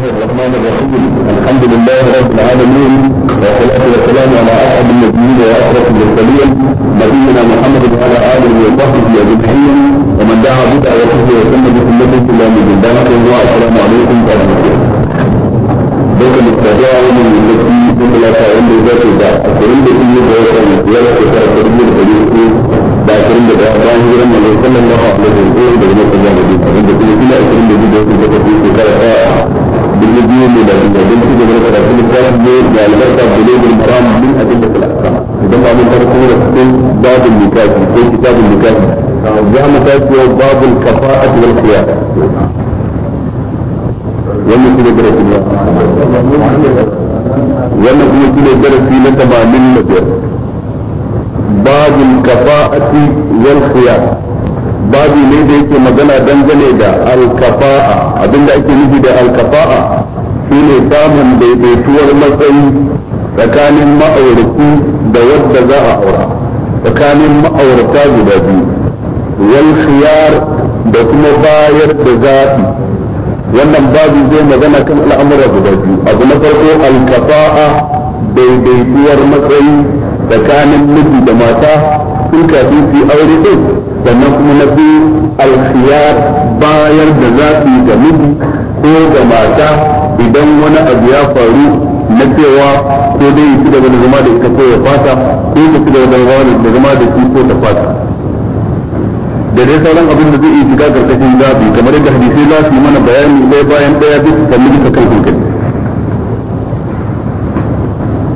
الله الرحمن الرحيم الحمد لله رب العالمين والصلاة والسلام على أحد النبيين وأشرف المرسلين نبينا محمد وعلى آله وصحبه أجمعين ومن دعا بدعة وصحبه وسلم بسنته إلى يوم الدين السلام عليكم ورحمة الله ذلك التجاعل التي تطلع عند ذات الذات أكرم بسيء ذلك المسيارة تطلع كريم الحديث بأكرم بسيء ذلك الله صلى الله عليه وسلم بسيء ذلك المسيارة بسيء ذلك المسيارة بسيء ذلك المسيارة biyu ne da kuma don su gaba da karatu da ta ne da albarka da ne da maram min abin da kula idan ba mun farko da cikin babin nikafi ko kitabin nikafi za mu tafi yau babin kafa'at wal qiyam wannan shi ne darasi ne wannan kuma shi ne darasi na tamanin da biyar babin kafa'ati wal qiyam babi ne da yake magana dangane da alkafa'a abinda ake nufi da alkafa'a shine samun daidaituwar matsayi tsakanin ma'auratu da wadda za a aura tsakanin ma'aurata guda biyu wal khiyar da kuma bayar da zaɓi wannan babu zai magana kan al'amura guda biyu abu na farko alkafa'a daidaituwar matsayi tsakanin miji da mata sun kafi su aure din sannan kuma na biyu alkhiyar bayar da zafi ga miji ko ga mata idan wani abu ya faru na cewa ko dai ya ci gaba da zama da ita ko ya fata ko ta ci zama da zama da shi ko ta fata da dai sauran abin da zai iya shiga karkashin zafi kamar yadda hadisai za su yi mana bayani ɗaya bayan ɗaya duk bisa kan milita kan hankali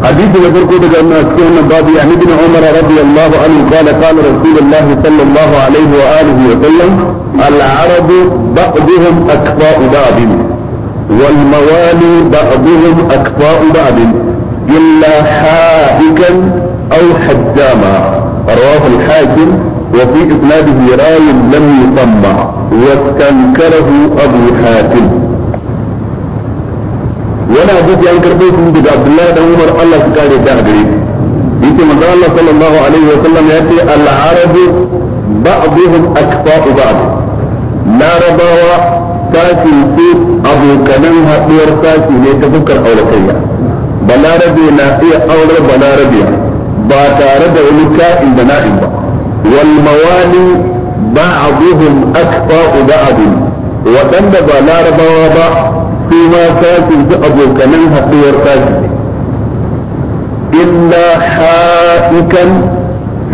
حديث يذكر ذلك أن أسكن بابي عن ابن عمر رضي الله عنه قال قال رسول الله صلى الله عليه وآله وسلم العرب بعضهم أكفاء بعض والموالي بعضهم أكفاء بعض إلا حائكا أو حجاما رواه الحاكم وفي إسناده راي لم يطمع واستنكره أبو حاتم ولا بد أن يعني كربيكم بدا عبد الله بن عمر الله سكاري تاغري يتم الله صلى الله عليه وسلم يأتي العرب بعضهم أكفاء بعض لا رباوة sashin su abokanan haɗuwar sashi ne ta fuskar auratayya balarabe na iya aurar balarabe ba tare da wani ka'in da na'in ba wal mawali ba'aduhum akfa'u ba'adun waɗanda ba larabawa ba su ma sashin su abokanan haɗuwar sashi ne illa ha'ikan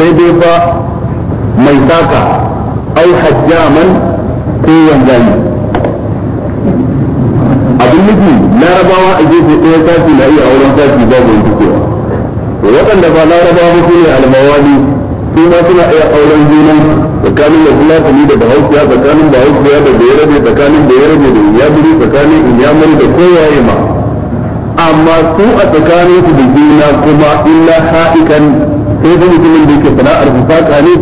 sai dai ba mai saka au hajjaman ko wanzani abin nufi larabawa a gefe ɗaya sashi na iya auren sashi babu wani cewa to waɗanda ba larabawa ba su ne almawali su ma suna iya auren junan tsakanin da fulani da bahaushiya tsakanin bahaushiya da bayarabe tsakanin bayarabe da iyamuri tsakanin in iyamuri da kowaye ma amma su a tsakanin su da juna kuma illa ha'ikan sai da mutumin da yake sana'ar su faka ne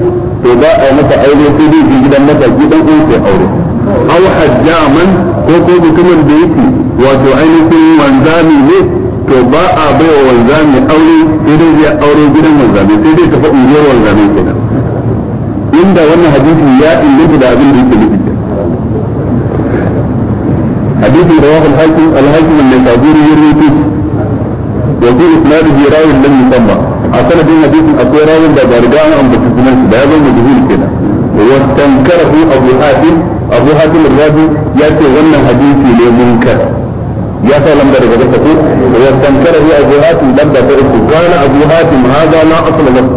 to za a yi masa aure sai dai gidan masa gidan uwan sai aure aw حجاما وكو ko بيتي wato ainihin wanzami ne to ba a bai wa wanzami aure sai dai zai aure gidan wanzami sai dai tafi unguwar wanzami kenan inda wannan hadisi ya inganta da abin da yake nufi حديث رواه الحاكم الحاكم النسابوري يروي وفي اسناده راوي لم يسمى اصل في حديث اكو راوي ده برجع عن بتسمى ده يظن مجهول كده واستنكره ابو حاتم ابو حاتم الرازي ياتي ظن حديث لمنكر ya sa lambar daga ta ku ya tankara ya abu hatim lambar ta uku kana abu hatim hada la asla lahu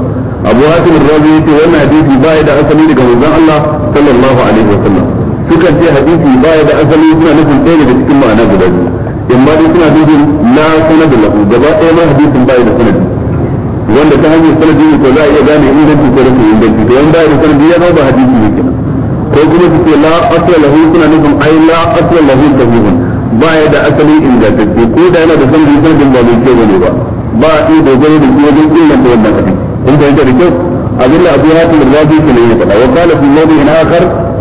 abu hatim rabi yace wannan hadisi ba ya da asali daga manzon Allah sallallahu alaihi wa sallam suka ce hadisi ba ya da asali suna nufin ɗaya daga cikin ma'ana guda biyu in dai suna nufin la sanadu lahu gaba ɗaya ma hadisin ba ya da sanadi wanda ta hanyar sanadi ne za a iya gane inganci ko rashin inganci to ba ya da sanadi ya ba hadisi ne kenan ko kuma su ce la asla lahu suna nufin ai la asla lahu ba ya da asali ingantacce ko da yana da san da sanadin ba mai kyau bane ba ba a iya dogaro da shi wajen inganta wannan hadisi kun fahimta da kyau abinda abu hatim rabi ke ne ya faɗa wa qala fi mawdi'in a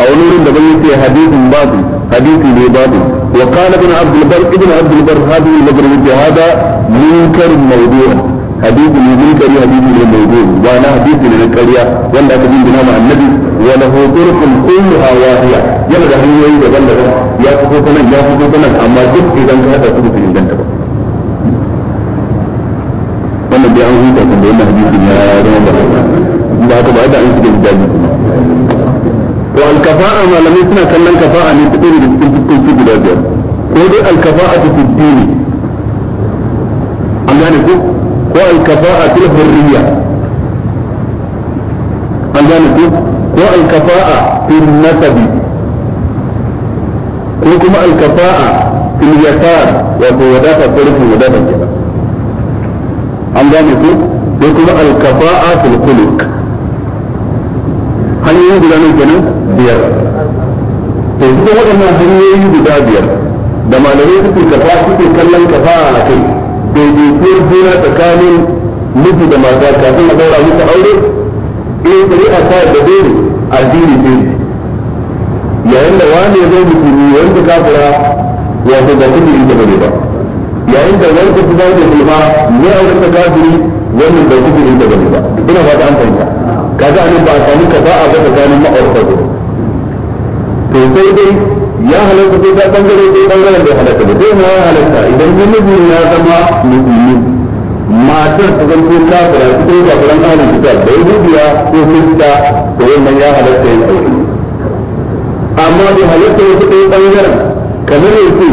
aw nurin da bayyana hadithin babu hadisi ne babu wa qala ibn abd ibn abd al-bar hadhihi al hada munkar mawdu'un حديث من منكر حديث من الموجود وانا حديث من الكرية ولا تبين بنام عن النبي وله طرق كلها واحية يلغى هي ويجا بلغا يا سبوتنا يا سبوتنا اما جد اذا انت هذا سبوت من جنتك وانا بيعه ويجا كنت وانا حديث من الموجود da aka ba da an cikin dajin to al kafa'a malamai الكفاءة kallon kafa'a ne cikin da cikin cikin cikin da biyar ko dai al ko alkafa'a fil hurriya an gane ko ko alkafa'a fil nasabi ko kuma alkafa'a fil yasar wato wadata ko rufin wadata kenan an gane ko ko kuma alkafa'a fil khuluq hanyoyin guda nan kenan biyar to duka waɗannan hanyoyi guda biyar da malamai suke kafa suke kallon kafa'a a kai daidaituwar juna tsakanin miji da mata kafin a daura musu aure in eh, shari'a ta da dole addini ce yayin da wani ya zo musulmi wanda kafira wato ba kuma ita bane ba yayin da wani ka fita da kuma ne ta kafiri wannan ba kuma ita bane ba ina ba ta an fahimta kaga anan ba a samu kafa'a ba tsakanin ma'aurata to sai dai ya halatta ko ta bangare ko bangaren da halatta ba dai ma ya halatta idan namiji ya zama musulmi matar ta zanto kafira cikin kafiran ahlul kitab da yahudiya ko kirista ko wannan ya halatta yin amma da halatta ko ta bangaren kamar yake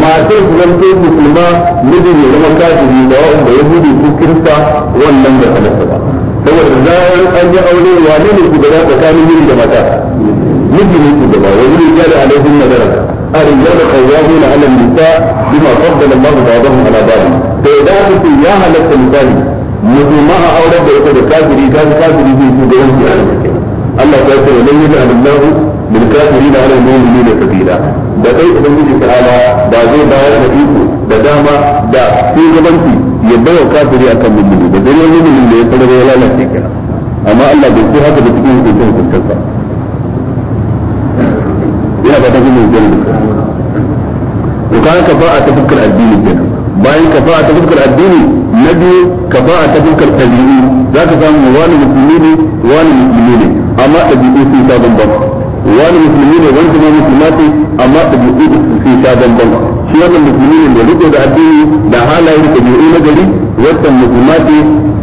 matar su zanto musulma mijin ya zama kafiri da wa'anda yahudi ko kirista wannan bai halatta ba saboda zarar an yi aure wa ne ne shugaba tsakanin miji da mata miji ne ku gaba wa yuri jari alaihim nazara ar-rijal qawwamuna 'ala an-nisa' bima faddala Allah ba'dahum 'ala ba'd to idan aka ce ya halatta misali musulma a auren da ita da kafiri ta kafiri zai ku gaban su Allah ta ce 'ala al-mu'minina kafira. da kai idan miji ta'ala da zai bayar da iko da dama da shugabanci ya bayar kafiri kan mu'mini da dare mu'minin da ya fara ya lalace kenan amma Allah bai ce haka da cikin hukuncin hukuncinsa fata kun yi gani to ka ka ba a ta fuskar addini kenan bayan ka ba ta fuskar addini na biyu ka ba a ta fuskar tabi'i za ka samu wani musulmi ne wani musulmi ne amma tabi'i sun sha bambam wani musulmi ne wani kuma musulma ce amma tabi'i sun sha bambam shi wannan musulmi ne da rike da addini da halayen tabi'i na gari wannan musulma ce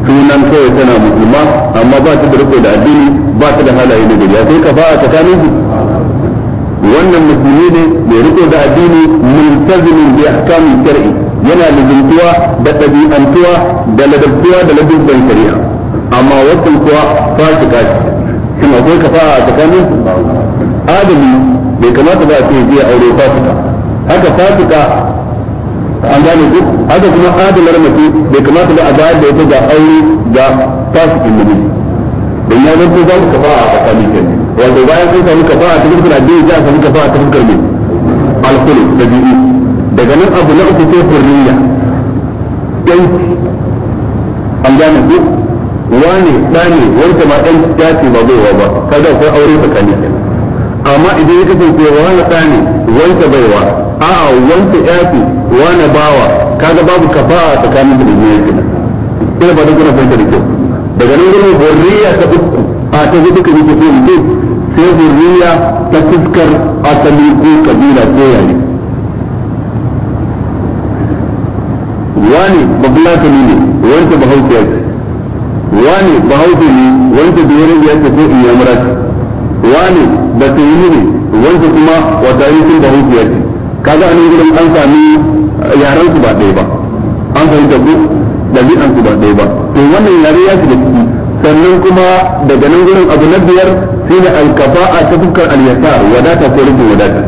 sunan kawai tana musulma amma ba ta da riko da addini ba ta da halaye na gari sai ka ba a tsakanin su wannan musulmi ne mai riko da addini multazimin bi ahkamin shar'i yana da lubuntuwa da ɗabi'antuwa da ladabtuwa da ladabban shari'a amma wannan kuwa fasika ce kuma shin ka kafa'a a tsakanin adami bai kamata ba a ce zai aure fasika haka fasika an gane ku haka kuma adalar mace bai kamata ba a bayar da ita ga aure ga fasikin namiji don ya zanto ka kafa'a a tsakanin kenan wato bayan sun samu kafa a cikin suna biyu za a samu kafa a cikin karbe alkuli da biyu daga nan abu na uku sai hurriya ɗan an gane duk wane ɗane wanda ma ɗan ya ce ba baiwa ba kada kai aure tsakani amma idan ya kasance wani ɗane wanda baiwa a'a wanda ya ce wani bawa kaga babu kafa a tsakanin da biyu yake sai ba da kuna fahimta da kyau daga nan gurin hurriya ta uku a ta hudu kan yake sai mutum sai zurriya ta fuskar asali ko kabila ko yare wani babulatani ne wanda bahaushiya ce wani bahaushe ne wanda ce ko ce wani da yi ne wanda kuma wata yankin bahaushiya ce kaga a nan an sami yaran su ba ɗaya ba an fahimta ko ɗabi'an su ba ɗaya ba to wannan yare ya shiga ciki sannan kuma daga nan gurin abu na biyar shine alkafa'a ta fuskar al-yasar wadata ko rubin wadata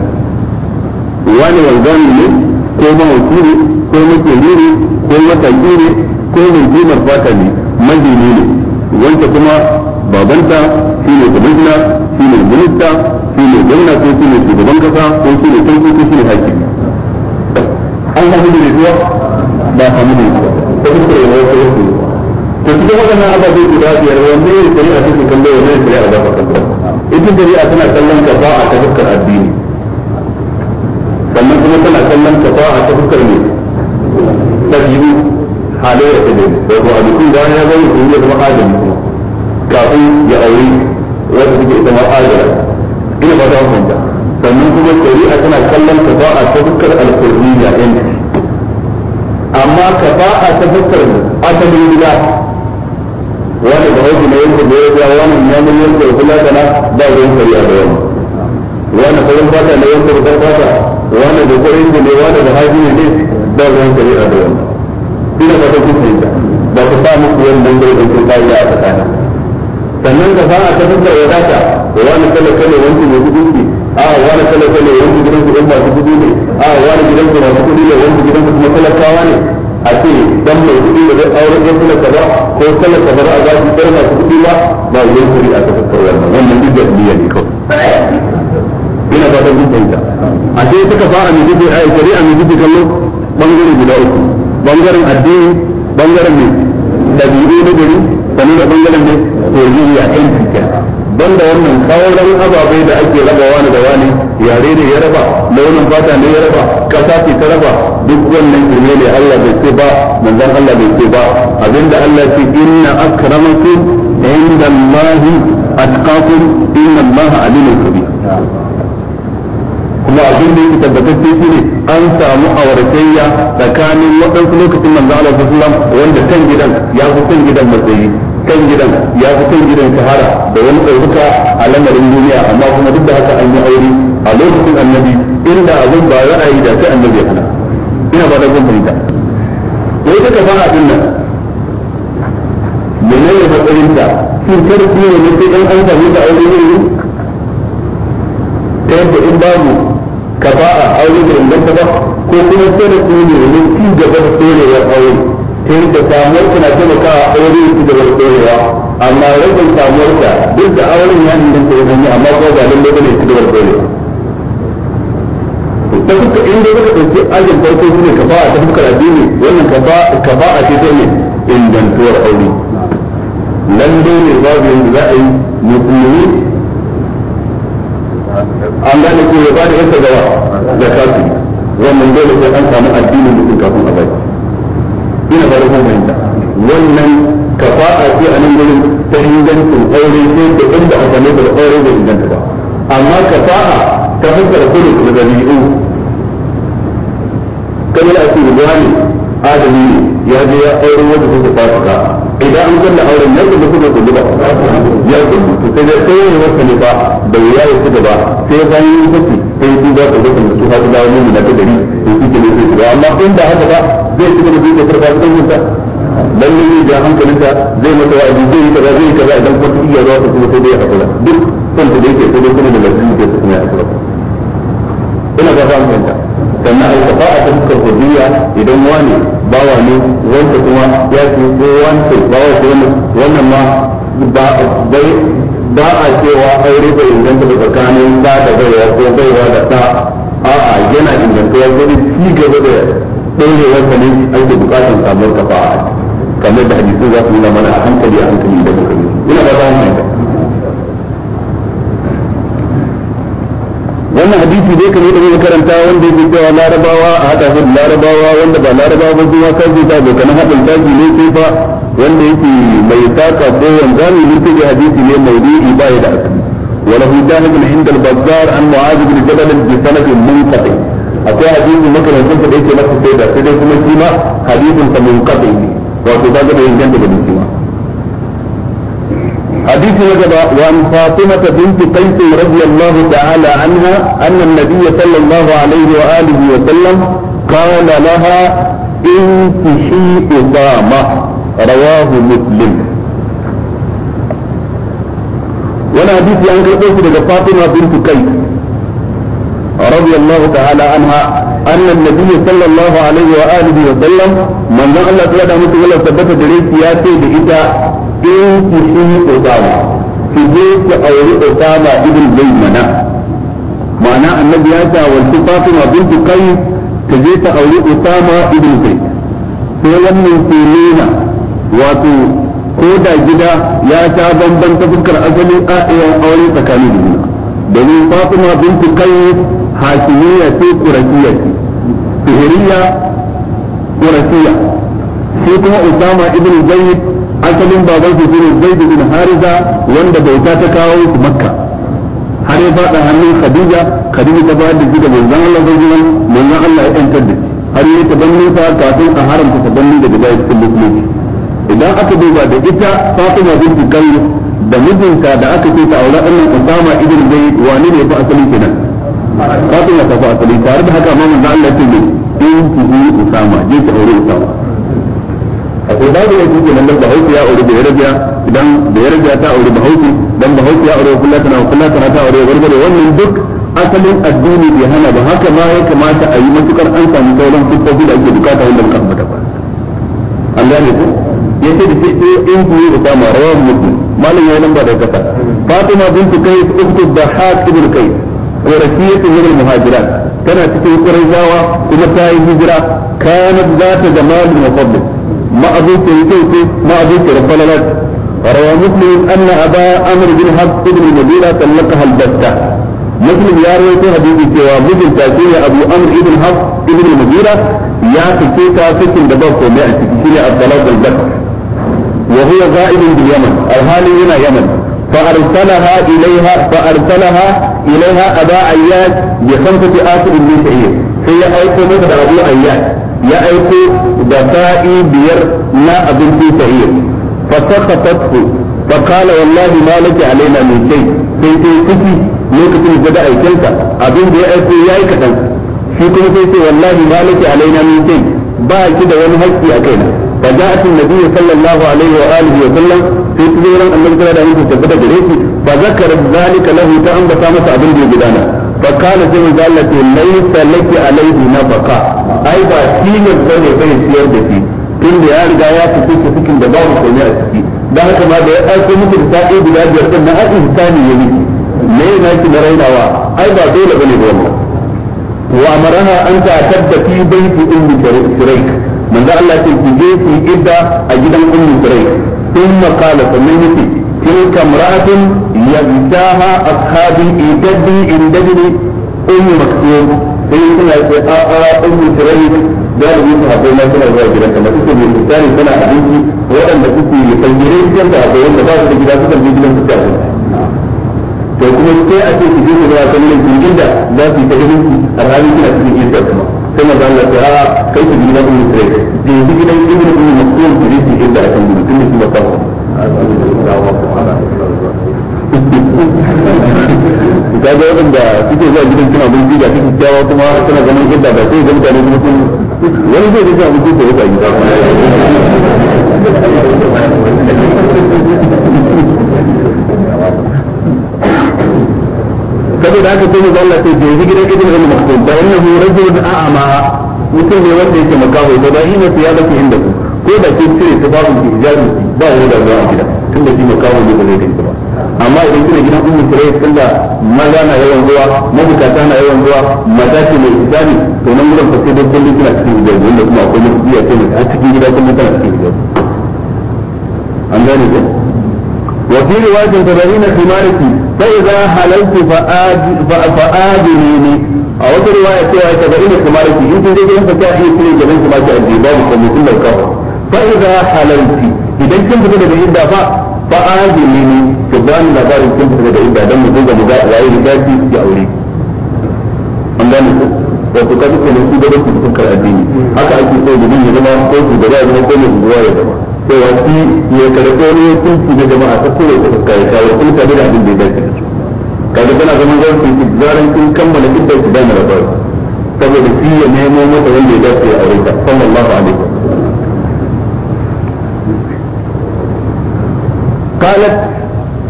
wani wanzami ne ko mahauci ne ko makeri ne ko mataki ne ko hukumar fata ne majini ne wanda kuma babanta shine kwamishina shine minista ne gwamna ko shi ne shugaban kasa ko shine sarki ko shine hakimi an samu da rikuwa ba samu da rikuwa ta fuskar yawon sarki to cikin waɗannan ababe guda biyar wanne ne shari'a take kallo wanne ne shari'a za ta kallo ita shari'a tana kallon kafa'a ta fuskar addini sannan kuma tana kallon kafa'a ta fuskar ne ta biyu halayya ta ne da kuma abincin da ya zai yi ya zama adam kafin ya aure wata suke ita ma adam ina ba ta hukunta sannan kuma shari'a tana kallon kafa'a ta fuskar alkurniya yanki amma kafa'a ta fuskar asalin gida wani da hauki na yanka da ya ja wani namun yanka da kula kana ba zai kari a bayan wani farin fata na yanka da fata wani da kwarin da ne wani da haji ne ba zai kari a bayan ina ba ta yi ba ku sa muku wannan da ya kai yi a tsakanin sannan ka fara ta ya wadata wani kala kala wanki mai kudi a wani kala kala wanki gidan su ɗan masu kudi ne a wani gidan su masu kudi ne wanki gidan su kuma talakawa ne a ce dan mai kuɗi da zai aure ya kula ka ba ko kala ka bar a za su bar masu kuɗi ba ba wani kuri a ta fuskar wannan wannan duk da biya ne kawai ina ba ta gudun ta a ce suka fara mai gidi a shari'a mai gidi kallo bangare guda uku bangaren addini bangaren mai dabi'u na gari sannan da bangaren mai koyi a kan cikin banda wannan sauran ababe da ake rabawa da wani yare ne ya raba launin fata ne ya raba kasa ce ta raba duk wannan kirme ne Allah bai ce ba manzon Allah bai ce ba abinda Allah ce inna akramakum inda Allah atqakum inna Allah alimul kabir kuma abin da yake tabbatacce shi ne an samu auratayya tsakanin waɗansu lokacin manzon Allah sallallahu alaihi wanda kan gidan ya fi kan gidan matsayi kan gidan ya fi kan gidan shahara da wani ɗaukuka a lamarin duniya amma kuma duk da haka an yi aure a lokacin annabi inda abin ba ra'ayi da sai annabi ya hana ina ba da kun ya yi ta kafa a ɗin nan menene matsayin ta kar karfi ne sai dan an samu ta aure ne ne ta yadda in babu kafa a aure da ta ba ko kuma sai sarrafi ne domin ci gaba da tsorewar aure ta yadda samuwar tana taimakawa aure ci gaba da tsorewa amma rashin samuwar ta duk da auren ya ta yi hanyar amma ko ba lallai bane ci gaba da tsorewa da kuka in dai kuka dauki ajin farko shine ka ba a tafi karatu wannan ka ba ka ba a ce ta ne ingantuwar aure nan dai ne babu yanda za a yi musulmi an gane ko ya ba da yadda gawa da kafin wannan dole sai an samu addinin mutum kafin a bai ina ba da kuma fahimta wannan kafa'a ce a nan gurin ta ingancin aure da inda aka mai da aure da inganta ba amma kafa'a ta fuskar kudu da dan yana ce da adami ya je ya aure wanda suka fasika idan an kunna auren nan da suka ba ya to sai sai ne wata ne ba da ya kuka ba sai bayan yi kuki sai su ba ka zo da wani na ta dari to su sai su ba amma in da haka ba zai dan ne hankalinta zai mata zai yi kaza zai yi kaza idan kuma iya zuwa kuma sai dai hakura duk kanta da yake sai dai kuma da lafiya ya ina ba sannan alkafa'a ta fuskar hudiyya idan wani bawa ne wanda kuma ya ce ko wanda bawa ko wannan ma ba ba a cewa aure bai inganta da tsakanin ba da baiwa ko baiwa da ta a'a yana ingantuwa gurin ci gaba da ɗorewar ka ne ake bukatar samuwar kafa'a kamar da hadisi za su nuna mana a hankali a hankali da muka ina ba za mu wannan hadisi dai kamar yadda karanta wanda yake cewa larabawa a hada su larabawa wanda ba larabawa ba kuma kan ta abokan haɗin daji ne sai fa wanda yake mai saka ko wanda ne mutum da hadisi ne maudu'i ba ya da wala asali وله شاهد عند البزار عن معاذ بن جبل بسند munqati akwai hadisi makarantar da yake masa sai da sai kuma shi ma hadisin sa munqati wato kaga da inganta da mutum حديث يجب وعن فاطمة بنت قيس رضي الله تعالى عنها أن النبي صلى الله عليه وآله وسلم قال لها انتشي إقامة رواه مسلم وانا حديث عن قيس فاطمة بنت قيس رضي الله تعالى عنها أن النبي صلى الله عليه وآله وسلم من نقل لنا مثل ثبت دريس ياتي بإذا binti shi Usama ki je ki auri ma'ana annabi ya ta wasu Fatima binti kai ta je ta auri Usama ibn kai sai wannan ke nuna wato ko gida ya ta bambanta fuskar asalin a'iyan aure tsakanin juna domin Fatima binti kai hashimiyya ce kuma Usama asalin baban su shine zaid bin harisa wanda bauta ta kawo su makka har ya fada hannun khadija khadija ta bayar da shi da manzon Allah sallallahu alaihi manzon Allah ya tantar da har ya tabanni ta kafin a haramta tabanni daga bayan cikin musulunci idan aka duba da ita Fatima binti Kallu da mijinta da aka ce ta aure annan Usama ibn Zaid wani ne fa asali kenan Fatima ta fa asali tare da haka ma manzon Allah ya ce in ku Usama je ta aure Usama a akwai babu laifi kenan dan bahaushe ya aure bayarabiya idan bayarabiya ta aure bahaushe dan bahaushe ya aure kullatana kullatana ta aure barbare wannan duk asalin addini bai hana ba haka ma ya kamata a yi matukar an samu sauran fitofi da ake bukata wanda muka ambata ba an gane ya ce da ke eh, in ku da dama rawan mutu malam ya nan ba da kasa fatima bintu kais uktu dhahak ibn kais qurashiyatu min al-muhajirat tana cikin qurayzawa kuma ta yi hijira kanat zata jamalin wa fadl ما أبوك يتوك ما أبوك ربنا لك روى مسلم أن أبا أمر بن حفص بن المديرة تلقها البتة مسلم يا رويته حديثي سوى مجل تاكيني أبو أمر بن حفص بن المديرة يا تكيكا سكن دبابك وما تكيكيني الطلاق البتة وهو غائب باليمن الهالي هنا يمن فأرسلها إليها فأرسلها إليها أبا عياش بخمسة آخر من سعيد هي أيقو مثل أبو عياش يا أيقو da sa'i biyar na abinci sa'ir fa sakhatathu fa qala wallahi ma laki alaina min shay sai sai kiki lokacin da da aikinka abin da ya aiko yayi kadan shi kuma sai sai wallahi ma laki alaina min shay ba ki da wani haƙƙi a kaina fa ja'at an-nabiy sallallahu alaihi wa alihi wa sallam sai tuzo ran annabi sallallahu alaihi wa sallam da gare shi fa zakara zalika lahu ta ambata masa abin da ya gudana fakala sai manzo Allah ce laisa laki alaihi baka ai ba tilas bane bai siyar da shi tun da ya riga ya fice ki cikin da babu komai a ciki dan haka ma da ya aiko miki da sa'i guda biyar din na haƙin sani ya miki me na ki na rainawa ai ba dole bane da wannan wa amaraha an ta tadda fi baiti ummi shuraik manzo Allah ce ki je ki idda a gidan ummi shuraik ثم قال فمنتي تلك امرأة يغشاها أصحابي إيجدي إندجني أم مكتوب sai suna ce a a ummu tirai da rubu su haɗe ma suna zuwa gidanka masu ke mai misali suna abinci waɗanda suke yi sanyere gidan da haɗe wanda ba su da gida suka je gidan su tafi to kuma sai a ce su je su zuwa kan yankin gida za su yi ta irin a ranar gida cikin gida sai maza Allah ta a kai ku gidan ummu sai da ji gidan ibn ummu mas'ud ji ji inda akan gudu tun ga suke zuwa gidan suna bin da suke kyawa kuma suna ganin yadda ba sai ga mutane kuma sun wani zai saboda haka sai manzo Allah sai bai gidan ibn Umar maktum da annahu rajulun a'ama mutum ne wanda yake makaho da ba ina ya baki inda ko da kin cire ta babu ki hijabi ba wani da zuwa gida tunda shi ne ba zai gani ba amma idan kina gidan ummu kurai tunda maza na yawan zuwa mabukata na yawan zuwa mata ce mai hijabi to nan gurin fa sai dukkan kina cikin hijabi wanda kuma akwai mutum ya ce a cikin gida kuma tana cikin hijabi an gane ko وفي رواية تبعين في مالك فإذا حللت فآجريني أو في رواية تبعين في مالك إنت إذا كنت تكاحي في جميع ما تأتي بابك مثل الكفر فإذا حللت إذا كنت تجد أن دفع فآجريني كبان نظار كنت تجد أن دم تجد وعيد ذاتي في أولي أمدانك wato ka duka da su da su fuskar addini haka ake so da bin ya zama ko su da ya zama ko mai zuwa ya zama cewa shi ya karɓi wani hukunci na jama'a ta kowace fuska ya kawo kun tabi da abin da ya dace da su kaga tana zaman zarafin ki zaran kin kammala kitar ki dana da bai saboda shi ya nemo mata wanda ya dace a wurin ka sallallahu alaihi wasallam قالت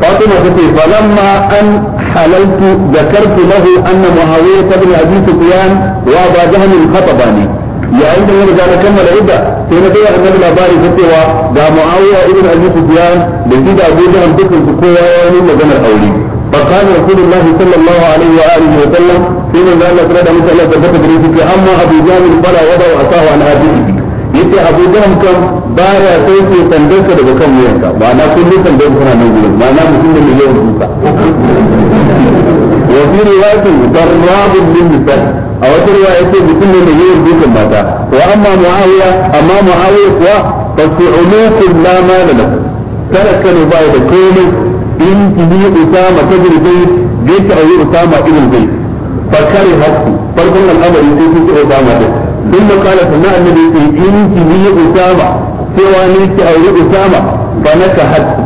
فاطمة تتي فلما أن حللت ذكرت له أن معاوية بن أبي سفيان وأبا جهل خطباني yayin da ya riga na kammala idda sai na kai annabi labari ta cewa ga muawiya ibn abi sufyan da shi da abu jahan dukkan su kowa ya yi maganar aure فقال رسول الله صلى الله عليه واله وسلم فيما قال لك رضا مثل الله ثبت اما ابو جهل فلا وضع عصاه عن هذه yace abu jaham kan baya sauke sandarsa daga kan wuyanka ba na kullum sandar suna nan gurin ba na mutum da yawan duka wa fi riwayatin darrabun a wata ruwa ya ce mutum ne mai yawan dukan mata wa amma muawiya amma muawiya kuwa fa su'ulukun la mala lahu talaka ne ba da komai in tihi usama tajri ga ta ayi usama ibn bai fa kare hakku farkon al'amari sai sun ci usama din duk da kala sunna annabi sai in tihi usama cewa ne ki ayi usama fa naka hakku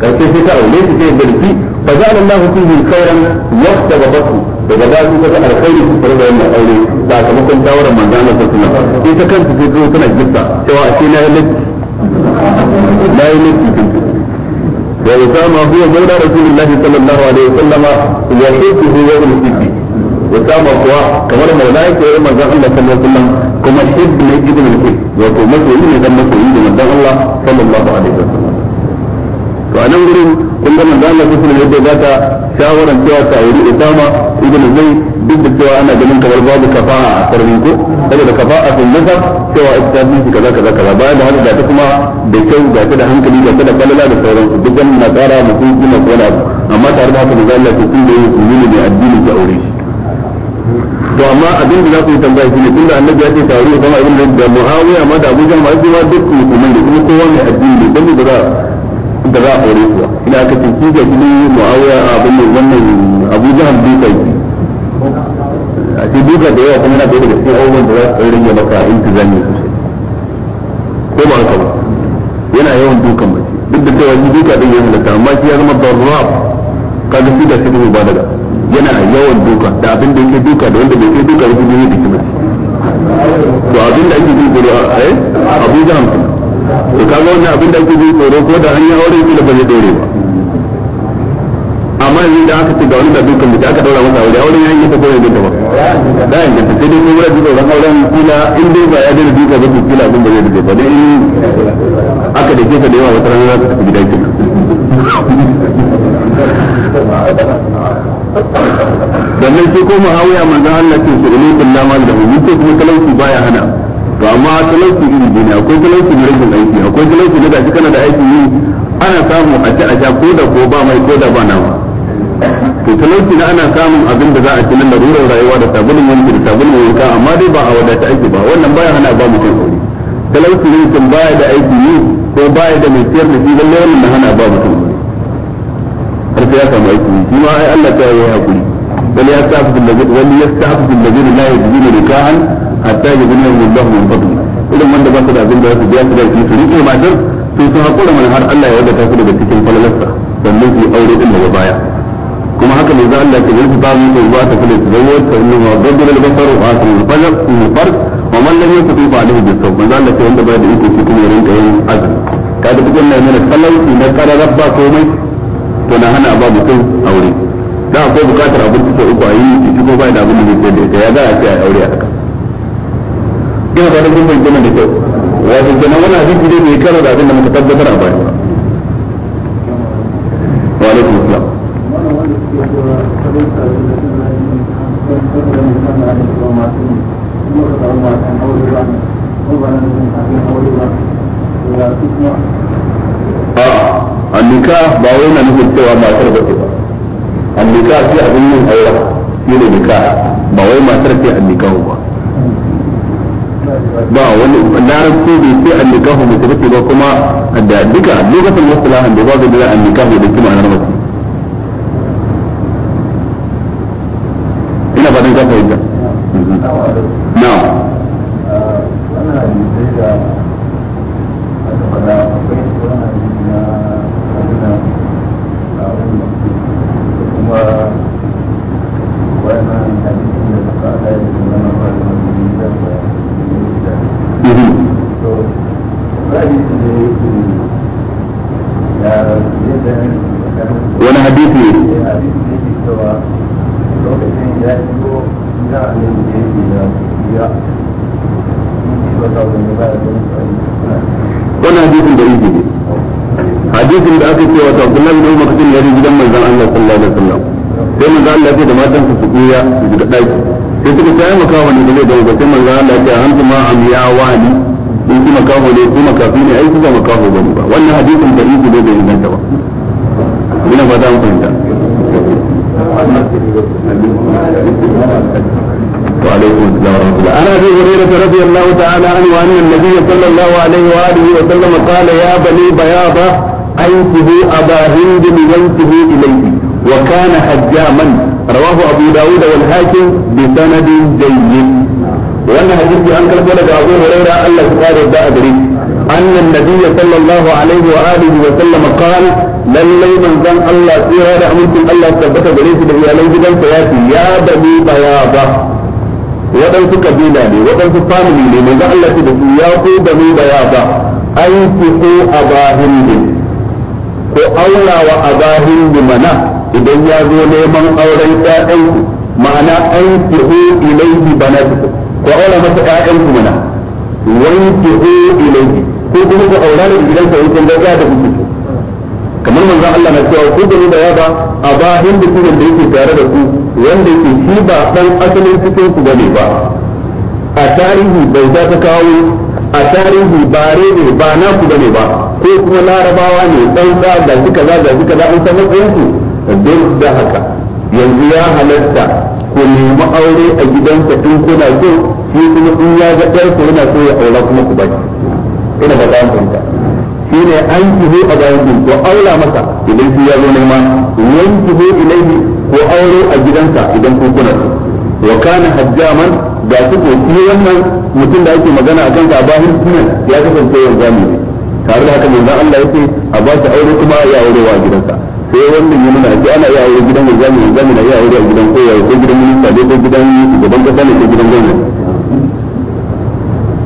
karshe sai ta aure shi sai garfi fa ja'alallahu fihi khairan waqta wa daga da su kaga alkhairi su fara da wannan aure da sakamakon shawarar manzon Allah sallallahu alaihi wasallam ta kanta sai zo tana gissa cewa a cikin ayyukan la ilaha illa Usama huwa mawla Rasulullahi sallallahu alaihi wasallam wa hibbuhu wa ulfihi Usama kuwa kamar maula yake yayin manzon Allah sallallahu alaihi wasallam kuma hibbu ne ibn al-hib wato masoyi ne dan masoyi da manzon Allah sallallahu alaihi wasallam to anan gurin kun ga manzo Allah sallallahu da wasallam yadda shawaran cewa ta yi Usama ibn Zayd duk da cewa ana ganin kamar babu kafa'a a sarrin ko saboda kafa'a sun nasa cewa ita mun shi kaza kaza kaza bayan da haka da ta kuma da kyau da ta da hankali da ta da kalala da sauran duk wannan na kara mutum kuma ko da amma tare da haka manzo Allah ke kun da yin mu'mini ne addini ta aure to amma abin da za ku yi tambaya shi ne tunda annabi ya ce tawuri kuma abin da Muawiya ma da Abu ma duk mutumin da kuma kowa mai addini da ba za da za a aure kuwa ina aka ce ga gini ne a abin nan wannan abu da duka shi a ce duka da yawa kuma na dole daga cikin abubuwan da za su ɗan rage maka intizami sosai ko ba haka ba yana yawan duka mace duk da cewa shi duka ɗin ya halatta amma shi ya zama darrab kaga shi da shi ba daga yana yawan duka da abin da yake duka da wanda bai kai duka wasu ne da kima to abin da ake duka gudu eh? a abu jahal to ga wannan abin da ake jin tsoro ko da hanyar aure kila ba zai dore ba amma yanzu da aka ce ga wani da dukkan da aka daura masa aure auren ya yi ta koyar da ba da yanzu ta sai dai ko wani tsoron auren kila in dai ba ya daina duka ba to kila abin ba zai dace ba dai in aka da ka da yawa wata rana za ta tafi gidan kina dan ne ko hawaya manzo Allah ce su ilaykum la da lahu yake kuma talauci baya hana ba ma talauci iri biyu ne akwai talauci na rashin aiki akwai talauci na gashi kana da aiki yi ana samu a ci a sha ko da ko ba mai ko da ba nama to talauci na ana samun abin da za a ci na larurar rayuwa da sabulun wanki da sabulun wanka amma dai ba a wadata aiki ba wannan baya hana ba mutum aure talauci ne mutum baya da aiki yi ko baya da mai ciyar da shi lalle wannan na hana ba mutum aure har sai ya samu aiki ne shi ma ai Allah ta yi hakuri wani ya sa fi wani ya sa fi la da nikahan hatta ya gudunar da Allah mun fadu irin wanda ba su da abin da su biya su da su rike matar su sun haƙura mana har Allah ya wadata su daga cikin falalarsa sannan su yi aure din daga baya kuma haka ne za Allah ke yanzu ta mun ba ta kula su zama ta inna wa gaddal al-basar wa asr al-fajar in fard wa man lam yastati fa alayhi bisaw manzo Allah ke wanda ba da iko shi kuma yarin da yin azan kada duk wannan yana talauci na kararar ba komai to na hana ba mutum aure da akwai bukatar abin da uku a yi ciki ba da abin da zai da ya za a ce a aure a haka sai ba da gumbin gumbin da kyau wato da nan wannan hadisi dai mai karo da abin da muka tabbatar a baya wa alaikum assalam a annika ba wai na nufin cewa matar ba ce ba annika ce abin yin aura yi ne nika ba wai matar ce annikawa ba ba wani larabci bai sai an nikahu mutarki ba kuma da duka lokacin mustalahan da babu da an nikahu da kuma anar mutum ina fatan ka fahimta na'am ga ya makawa ne ba zai gani ba sai manzo Allah ya hantu ma am ya wani in kuma kawo ne kuma kafin ne ai kuma makaho ba ba wannan hadisin da yake da bai inganta ba ina ba da fahimta da عن أبي هريرة رضي الله تعالى عنه أن النبي صلى الله عليه وآله وسلم قال يا بني بياضة أنتهوا أبا هند لينتهوا إليه وكان حجاما rawahu abu dawud wal hakim bi sanadin jayyid wannan hadisi an karbo daga abu hurairah Allah ya kare da adri anna an-nabiy sallallahu alaihi wa alihi wa sallam qala lallai manzon Allah tsira da amincin Allah tabbata gare shi da iyalai gidansa ya ce ya bani bayaba waɗansu kabila ne waɗansu family ne manzon Allah da su ya ku bani bayaba ko abahin ko aulawa mana idan ya zo neman auren ƴaƴan ma'ana an tuhu ilaihi banatuku ko aura masa ƴaƴan ku mana wai tuhu ilaihi ko kuma ku aura ne idan ka yi kanga ya da kuke kamar manzon Allah na cewa ku gani da yaba a ba hindu kuma da yake tare da ku wanda yake shi ba dan asalin cikin ku bane ba a tarihi bai za ta kawo a tarihi bare ne ba naku bane ba ko kuma larabawa ne dan da ga shi kaza ga shi kaza an san matsayin duk da haka yanzu ya halatta ku nemi aure a gidansa in kuna so shi kuma in ya ga ɗan ku yana so ya aura kuma ku baki ina ba za mu shi ne an zo a bayan din ko aura masa idan shi ya zo nema yankihu ilaihi ko aure a gidansa idan kun kuna so wa kana hajjaman da ko shi wannan mutum da ake magana a akan a bayan sunan ya kasance yanzu ne tare da haka manzon Allah yake a ba shi aure kuma ya aure wa gidansa sai wannan ya nuna ana iya aure gidan wanzami wanzami na iya aure a gidan kowa ko gidan minista ko gidan gaban kasa ne ko gidan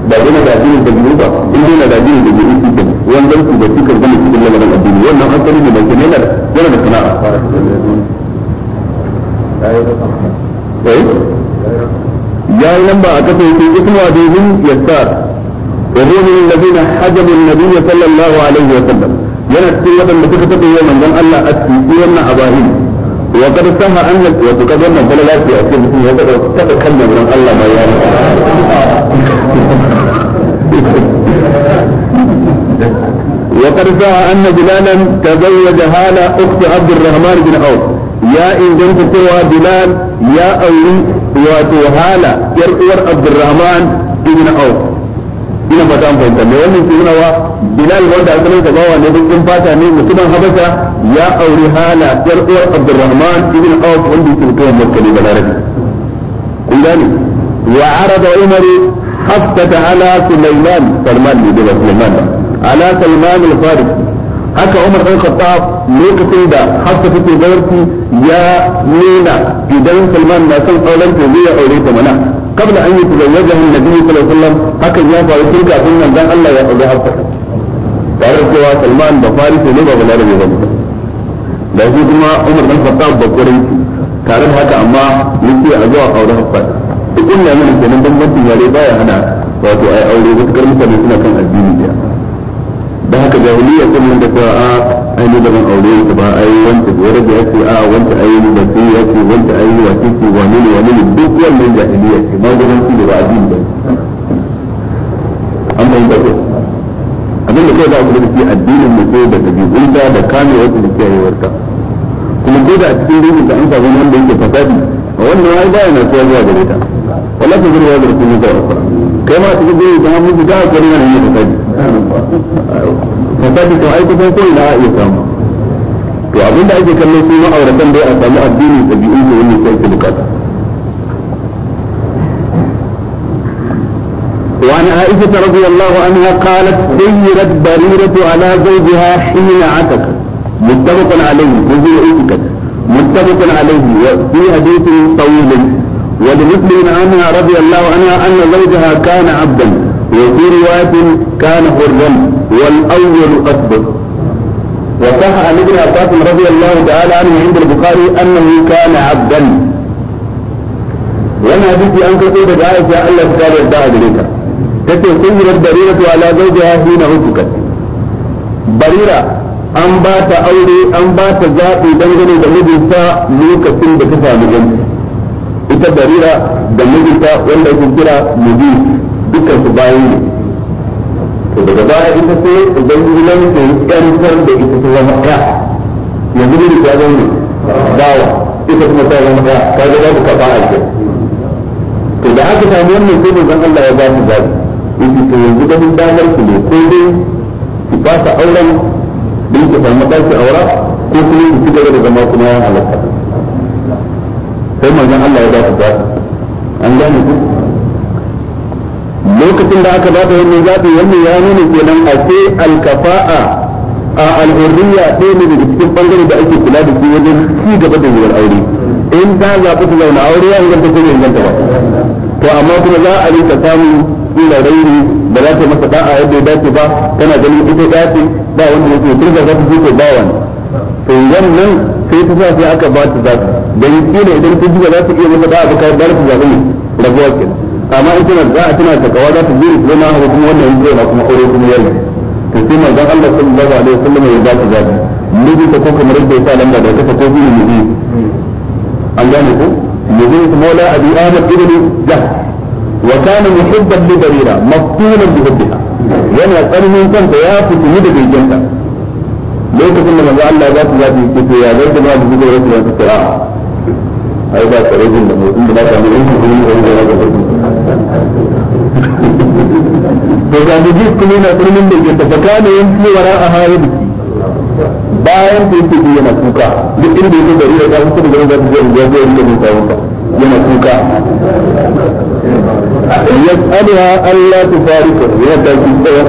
gwamna ba dai na da addini da biyu ba in dai na da addini da biyu da ke wannan su da cikin gama cikin lamarin addini wannan hankali ne mai kenan yana da sana'a eh? ya yi lamba a kasa yake isma domin yasar wa domin ladina hajjabun nabiyya sallallahu alaihi wa yana cikin waɗanda suka taɓa yi manzon Allah a cikin wannan abahin wa kada sama annal wa to kaga wannan falala a cikin mutum ya kada taɓa kan manzon Allah ba ya wa kada وقد سمع أن بلالا تزوج هالة أخت عبد الرحمن بن عوف يا إن جنت سوى بلال يا أولي وتهالة يا عبد الرحمن bin aw ina fata an fahimta mai wannan ke nuna wa bilal wanda asalin sa bawa ne in fata ne mutumin habasha ya aure hala yar uwar abdurrahman ibn awf wanda yake mutumin makka ne balarabi kun gane wa arada umaru haftata ala sulaiman salman ne da sulaiman ala salman al farid haka umar dan khattab lokacin da hafsa take zawarci ya nuna idan salman na son aurenta ta zai aure ta mana قبل أن يتزوجه النبي صلى الله عليه وسلم هكذا يفعل تلك أن دان الله يأخذ حقك تعرف جوا سلمان بفاري سنو بغلال يغلق da shi kuma Umar bin Khattab bakwai tare da haka amma yake a zuwa aure haffa duk inda mun kenan bambancin yare baya hana wato ai aure wata mutane suna kan addini da haka jahiliya kullum da cewa ah, أي دبن أولي تبا أي وانت ورد يأتي آ آه، وانت أي مبتي يأتي وانت أي واتيتي وانيل وانيل بكيا من جاهلية ما دبن في لبعدين بي أما إن بكي أبن لكي دعوك لكي الدين المكي بكي ولدى بكان يأتي لكي أي وركا كما كيدا أتكين دين إذا أنت أظن إيه؟ أن بيك فتادي وانا هاي باينا في أبوها بريتا ولا تذكر هذا الكلمة أخرى كما تقول دين إذا أنت أظن أن بيك فتادي fasadi ko ai ya samu to abin da ake su ma'auratan dai a samu addini wani sai bukata وعن عائشة رضي الله عنها قالت سيرت بريرة على زوجها حين عتق متفق عليه وهي عتقت متفق عليه وفي حديث طويل ولمسلم عنها رضي الله عنها أن زوجها كان عبدا وفي رواية كان حرا والأول أكبر وصح عن ابن عباس رضي الله تعالى عنه عند البخاري أنه كان عبدا وما بدي أن تقول بعائشة ألا تقال إرداء ذلك تتقوم البريرة على زوجها حين هتكت بريرة أن بات أولي أن بات ذاتي دنجني دمجي فا موكا سنبا تفا مجن إذا بريرة دمجي فا ولا تنترى مجيس dukkan su bayan ne to daga baya ita sai ubangiji nan ke yi kantar da ita ta zama ka yanzu ne ta zama ne bawa ita kuma ta zama ka ta zama kafa a ke to da haka ta ne wannan sai zan Allah ya ba su zabi yanzu to yanzu gani damar ku ne ko dai ki ba ta auren din ki samu ɗauki aura ko kuma ki cigaba da zama kuma yan halatta sai manzon Allah ya ba su zabi an gane duk lokacin da aka bada wannan zaɓi wannan ya nuna kenan a ce alkafa'a a al'urriya ɗaya ne daga cikin ɓangare da ake kula da su wajen ci gaba da zuwar aure in ta zaɓi ta zauna aure ya inganta ko bai inganta ba to amma kuma za a rika samu tsira rairi da za ta masa da'a yadda ya dace ba tana ganin ita dace ba wanda ya ce da za ta ce ba wani to wannan sai ta sa sai aka ba ta zaɓi don kila idan ta ji ba za ta iya masa da'a ba kayan ba ta zaɓi ne rabuwa kenan amma in tana za a tana takawa za ta jiri zama haka kuma wannan in zai ba kuma aure kuma yayi to sai manzon Allah sallallahu alaihi wasallam ya ba ta zabi miji ta ko kamar yadda ya sa lamba da kasa ko biyu miji an gane ko miji maula abi ahmad ibn jah wa kana muhibban li barira maftunan bi hubbiha yana tsananin kanta ya fitini da beginta lokacin da manzo Allah ya ba ta zabi ce to ya zai ta ba da zuwa rasul ya tsara ai ba tsare jin da mutum da ba ta ne in kuma ne da ga to ga mujiz kuma yana birnin da yake ta ne yin wara a haye biki bayan da yake yana kuka duk inda yake bari da kuma zai zai zai yana kuka yana da Allah zaki da ta kaban da yadda ba dole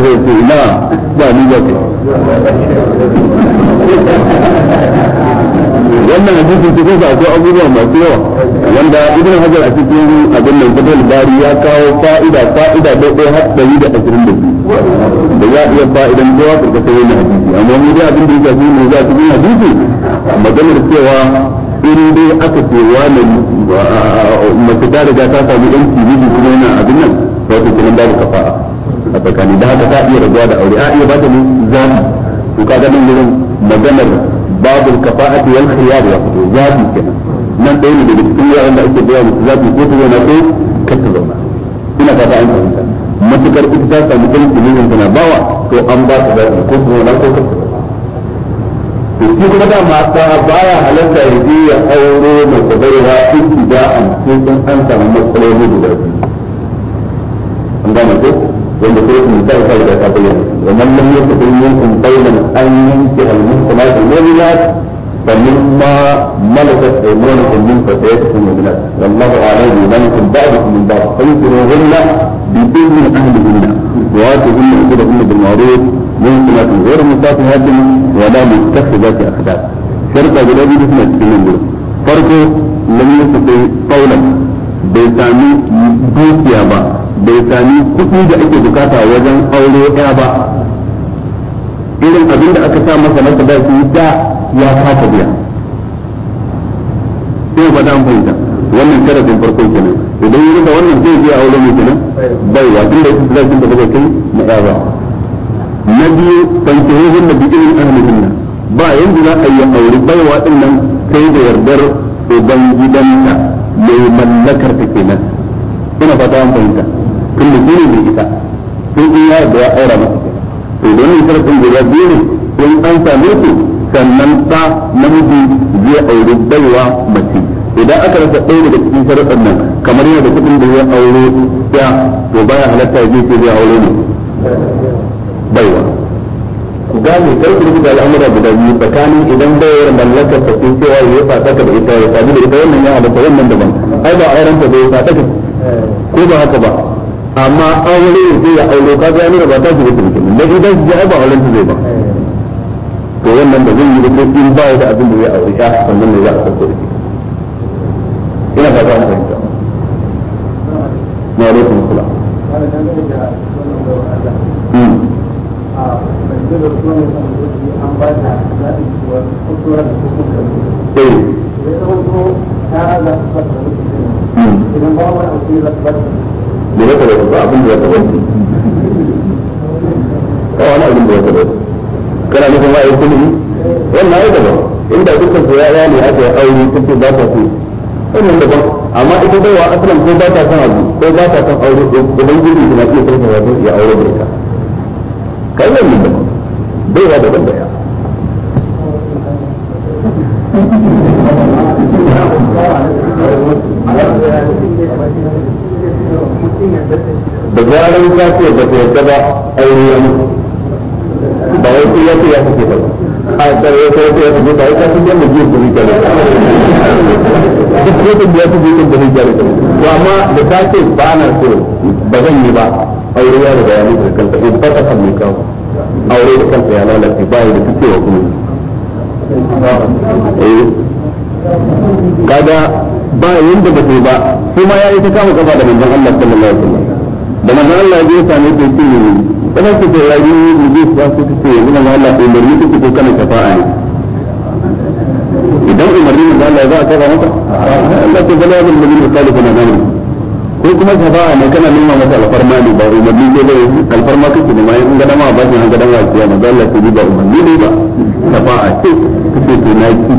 ce ba ni ba ce wannan hadisin cikin sa akwai abubuwa masu yawa wanda ibn hajar a cikin abin nan fadal bari ya kawo fa'ida fa'ida da dai har ɗari da ashirin da biyu da ya iya fa'idan kowa karkashin wannan hadisi amma mu dai abin da yake shafi mu za su yi hadisi maganar cewa in dai aka ce wani mace ta riga ta samu ɗan cibiji kuma yana abin nan wato kuma babu kafa'a a tsakani da haka ta iya rabuwa da aure a iya ba ta ne zamu to kaga nan gurin maganar باب الكفاءة والخيار يقول زاد كذا من بين اللي بتقول عند أي دواء زاد يقول هو نبي كتب هنا كفاءة أنت ما تقدر تكتب أنت كل اللي عندنا تو أم بعد كذا يقول هو نبي كتب لنا في كل ما أتى أبايا هل تأذية أو روم تبيها ابتداء كذا wanda ko sun da ta da ta bayyana wannan lam yakun minkum baynan an yankiha al-muhsanat al-mu'minat فمما ملكت ايمانكم من فتياتكم المؤمنات والله اعلم بايمانكم بعضكم من بعض فانكروهن باذن اهلهن واتوهن اجرهن بالمعروف ممكنات غير مصافحات ولا متخذات اخدان شرطه guda biyu suna cikin nan gudu farko lam yastati qawlan bai sami dukiya ba bai sami kuɗi da ake bukata wajen aure ɗaya ba irin abin da aka sa masa masa da yi da ya kasa biya sai ba dan fahimta wannan karatun farko kenan idan yi da wannan zai biya aure ne kenan bai wa tun da shi da shi da ba kai na ba na biyu tantahihin da bikin ahlin nan ba yanzu za a yi aure baiwa ɗin nan kai da yardar ubangidanta mai mallakar ta kenan ina fata an fahimta kun da shine bai ita sai in ya da ya aura masa to don ne sarfin guda biyu ne in an same su sannan ta namiji zai aure baiwa mace idan aka rasa ɗaya daga cikin sarfin nan kamar yana da kuɗin da ya aure ya to baya halatta ya ce zai aure ne baiwa gane kai ku da al'amura guda biyu tsakanin idan bayar mallakar ta sun cewa ya fata ka da ita ya sadu da ita wannan ya halatta wannan daban ai ba auren ta bai fata ka ko ba haka ba amma aure ne ya aure ka ga ne ba ta shi mutum kenan da idan ya ba auren ta zai ba to wannan da zai yi da in ba ya da abin da zai aure ta wannan ne za a sauko shi ina fata mu fahimta na alaikum salam Mm. bai rasa da ba abin da ya ba wani abin da ya kana nufin wannan ya daban inda dukkan su ya ne aka yi aure ba ta so wannan daban amma ita wa ko ba ta abu ko ba ta aure na iya ya aure da ita ne daban daban da ya wani kafiyar da ta yadda ba a yi wani ba wai su yake ya fi ba a tsaye ta yadda ya fi ba wai kafin yadda biyu su rike ne duk kotun ya fi biyu da rike ne to amma da ta ce ba na so ba zan yi ba a yi wani da bayanin da kanta in ba ta kan mai kawo a wani da kanta ya lalace ba yi da fice wa kuma kada ba yadda ba ce ba kuma ya yi ta kama kafa da manzon Allah eh, sallallahu alaihi wasallam da manzon Allah ya je same ta ce ne kana ce ta yayi ne ji ba su ce yanzu manzon Allah ko bari ku ko kana shafa'a ne idan umarni manzon Allah za a kaza maka Allah ta bala da nabi sallallahu alaihi wasallam ko kuma shafa'a ne kana nuna masa alfarma ne ba umarni ne ba alfarma kake ne ma in ga dama ba shi hanga dama ya manzon Allah ce ba umarni ne ba shafa'a ce kace to na ki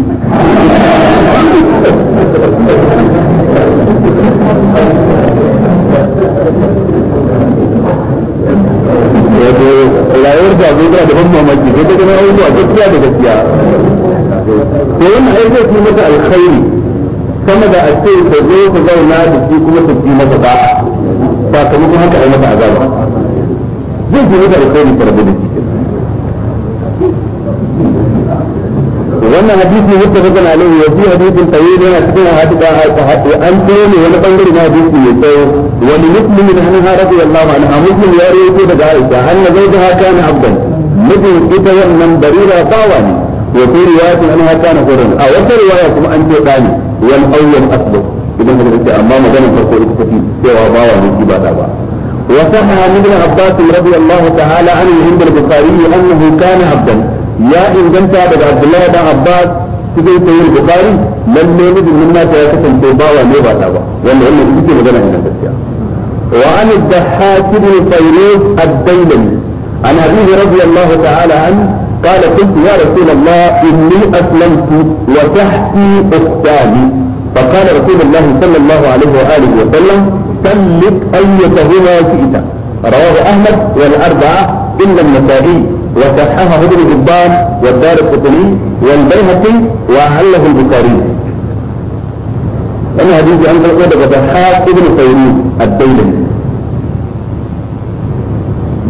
wato rayuwar da zai da ban mamaki sai daga nan abubuwa gaskiya da gaskiya to yana aiki su mata alkhairi sama da a ce ka zo ka zauna da shi kuma su ji masa ba ba kamar kuma haka ai masa azaba zai ji mata alkhairi ka rabu da shi wannan hadisi muttafaqun alaihi wa fi hadithin tayyib yana cikin hadisa an tone wani bangare na hadisi mai tsawo wani muslim min anha radiyallahu anha muslim ya rawaito daga Aisha anna zawjaha kana abdan mijin ita wannan barira bawa ne wa fi riwayatin anha kana hurun a wata riwaya kuma an ce dani wal awwal asbab idan ka ce amma maganar farko ita tafi cewa bawa ne shi ba da ba وصح عن ابن عباس رضي الله تعالى عنه عند البخاري انه كان عبدا يا إن جنت عبد الله بن عباس تقول في البخاري من لم يجد مما تيسكم في باوى نوبة تابا وأن هم يجد مدنة من وعن الدحاك بن فيروز الديلمي عن ابيه رضي الله تعالى عنه قال قلت يا رسول الله إني أسلمت وتحتي أختاني فقال رسول الله صلى الله عليه وآله وسلم سلك أيتهما شئت رواه أحمد والأربعة إلا النسائي وصححه ابن حبان والدار القطني والبيهقي وعله البخاري. أنا حديث عند قلت دحاك ابن فيروز الديلمي.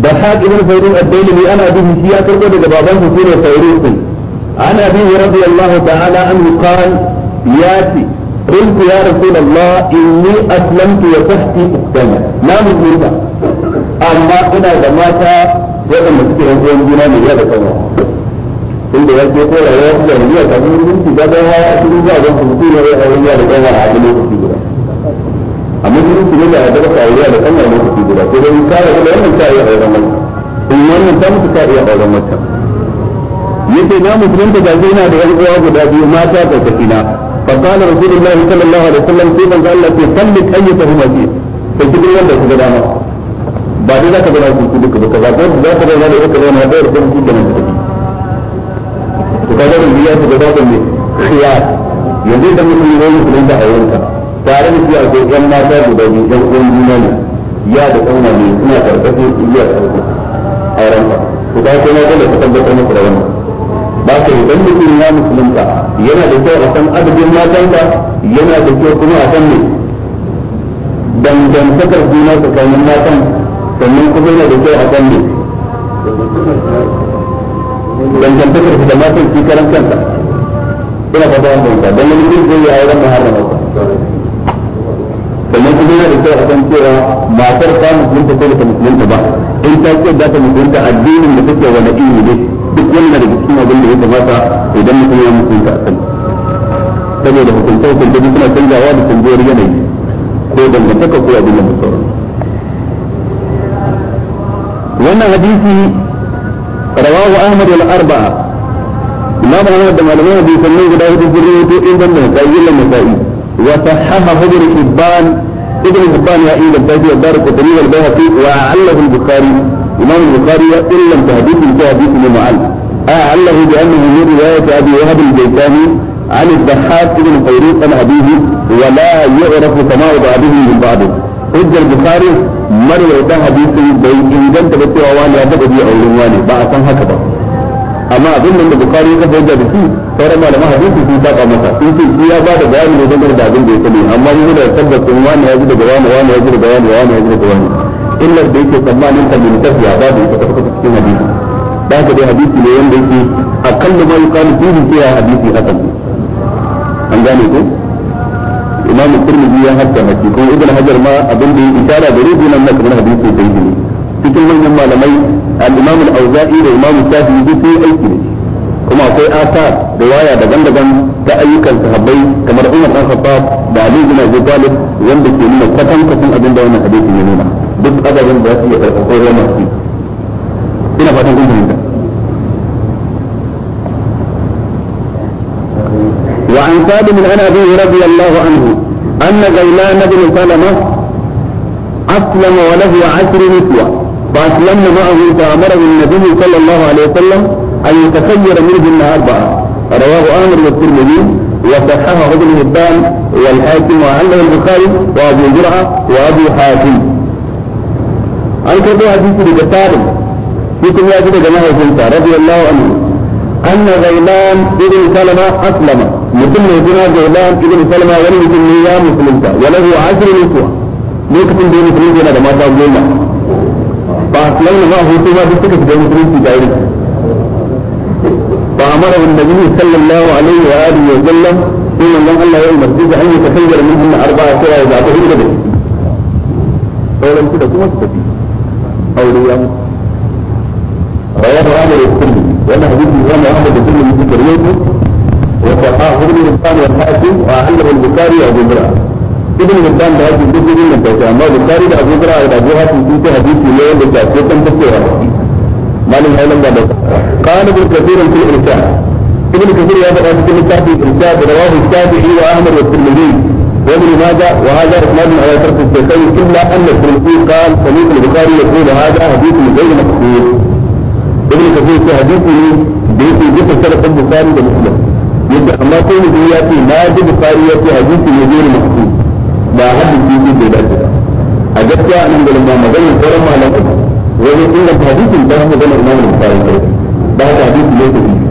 دحاك ابن فيروز الديلمي أنا أبيه شيعة قلت بابان فيروز فيروز عن أبيه رضي الله تعالى عنه قال ياتي قلت يا رسول الله إني أسلمت وتحتي أختنا ما مؤمنة أما أنا زماتا waɗanda suke yan uwan juna ne ya da kanwa tunda ya fi da rayuwa su jami'a kafin musulunci ta zama a cikin zuwa don kuma mutu ya rayuwa da kanwa a abin lokaci guda amma musulunci ne da a daga rayuwa da a lokaci guda ko dai ka yi da wannan ta iya auren mata in wannan ta mutu ta iya auren wancan yace na musulunta da zai na da yan uwa guda biyu mata da sakina فقال رسول الله صلى الله عليه وسلم في من قال لك سلك ايتهما فيه فالتكلم ده كده ba dai za ka zama hukunci duka ba ka zaɓi za ka zama da ita zama ɗaya da kuma hukunci nan da ku ka zama biya su ga zaɓin ne khiya yanzu idan mutum ya yi musulun da yanka tare da biya ko ƴan mata guda biyu ƴan uwan juna ne ya da ƙauna ne suna ƙarƙashin iya ƙarƙashin a ranka ku ka kuma dole ka tabbatar da wannan ba ka idan mutum ya musulunta yana da kyau a san adadin matanka yana da kyau kuma a san ne dangantakar juna tsakanin matan sannan kuma yana da kyau a kan ne dangantakar da matan shi karan kanta ina fata wanda ita don wani jin zai yayi ran muharrama wata sannan kuma yana da kyau a kan cewa matar ta musulunta ko da ta musulunta ba in ta ce za ta musulunta addinin da take wani ilimi ne duk wannan da cikin abin da ya kamata idan mutum ya musulunta a kan saboda hukuntar hukunta duk suna canzawa da canjuwar yanayi ko dangantaka ko abin da musulunta وانا حديثي رواه احمد الاربعة لا مرانا دمالما حديث النبي قد اهد الجرية تو ايضا نهزائي الا نهزائي وصحها حضر الحبان ابن الحبان يا ايضا تهدي الدار القدرية البيهتي وأعله البخاري امام البخاري ان لم تهديث من تهديث اعله بانه من رواية ابي وهب الجيتاني عن الضحاك ابن قيروس انا ولا يعرف كما وضع به من بعده hujjar bukari marwaitan hadisin bai inganta da cewa wani ya taba biya auren wani ba a san haka ba amma abin da bukari ya kafa hujjar da shi sauran malaman hadisi sun saba masa sun ce shi ya bada bayani ne dangane da abin da ya sani amma ni da tabbacin wani ya ji daga wani wani ya ji daga wani wani ya ji daga wani illa da yake tsammanin ta min tafiya ba da yake tafi cikin hadisi ba ka dai hadisi ne wanda yake akallu ma yi yuqalu fihi hadisi haka ne an gane ko إمام الترمذي يا هذا حديث وابن حجر ما أظن به إشارة بريد من الناس من حديث سيده في كل من يما لمي الإمام الأوزائي والإمام الشافعي في أي كلمة كما في آثار رواية دقن دقن كأيك الصحابي كما رأينا في الخطاب بعلي بن أبي طالب ذنب السنين فتن كتن أظن به من حديث المنونة ضد أبدا بأسية الأخوة هو مرسي هنا فاتن كنت وعن سالم عن أبيه رضي الله عنه أن غيلان بن سلمة أسلم وله عشر نسوة فأسلمن معه فأمره النبي صلى الله عليه وسلم أن يتخير منهن أربعة رواه آمر والترمذي وصححه ابن هبان والحاكم وعله البخاري وأبو زرعة وأبو حاتم an karɓo hadisi daga في shi جماعه ya رضي الله عنه أن غيلان ابن سلمة أسلم مثل هنا غيلان ابن سلمة ولم يكن يا مسلمة وله عشر نسوة لكن دون مسلمة أنا ما دام جنة فأسلمنا ما هو سوى بسكة دون في جاهلة فأمره النبي صلى الله عليه وآله وسلم إن الله الله يوم المسجد أن يتخير منهم أربعة سورة يبعثهن به فلم تكن تستطيع أولياء رواه هذا وانا حديث الامام احمد بن مسلم كريمه وصححه ابن الحسان والحاكم واعله البخاري وابو زرع ابن الحسان ده في جزء من الفتاة ما البخاري ده ابو زرع ده ابو حاتم في حديث لا يدعى كتم تسوى ما له علم ده قال ابن كثير في الارسال ابن كثير هذا قال في الكتاب الارسال رواه الشافعي واحمد والترمذي وابن ماجه وهذا اسناد على ترك الشيخين الا ان الترمذي قال سميت البخاري يقول هذا حديث غير مقبول ابن كثير في حديثه بيت بيت الشرف البخاري ومسلم يبدا اما كل دنيا في ما يجي بخاري يبدا حديثه يزول مسلم لا حد في دين بلا جدا اجت يا امام لما مدن الكرم على الاسلام وهي ان الحديث البلد مدن الامام البخاري بعد حديث بيت الدين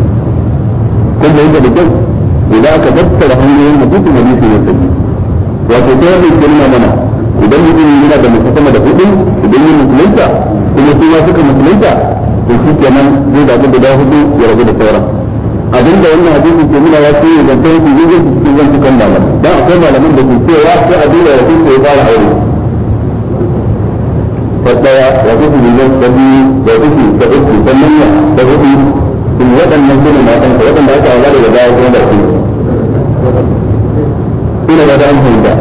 كل يوم بالجو اذا كتبت لهم يوم حديث الحديث يسجل وكتاب الكلمة منع إذا يجب أن يكون هذا المسلم إذا يكون مسلمة إذا يكون مسلمة to shi kenan zai guda hudu ya rabu da sauran abin da wannan hadisi ke nuna ya ce da sai su yi su zan dan akwai malamin da ke cewa sai a duba yakin da ya fara aure ta daya wato su zan ta biyu uku hudu in waɗannan su ne matan ka waɗanda aka hawa baya kuma da ina ba da an fahimta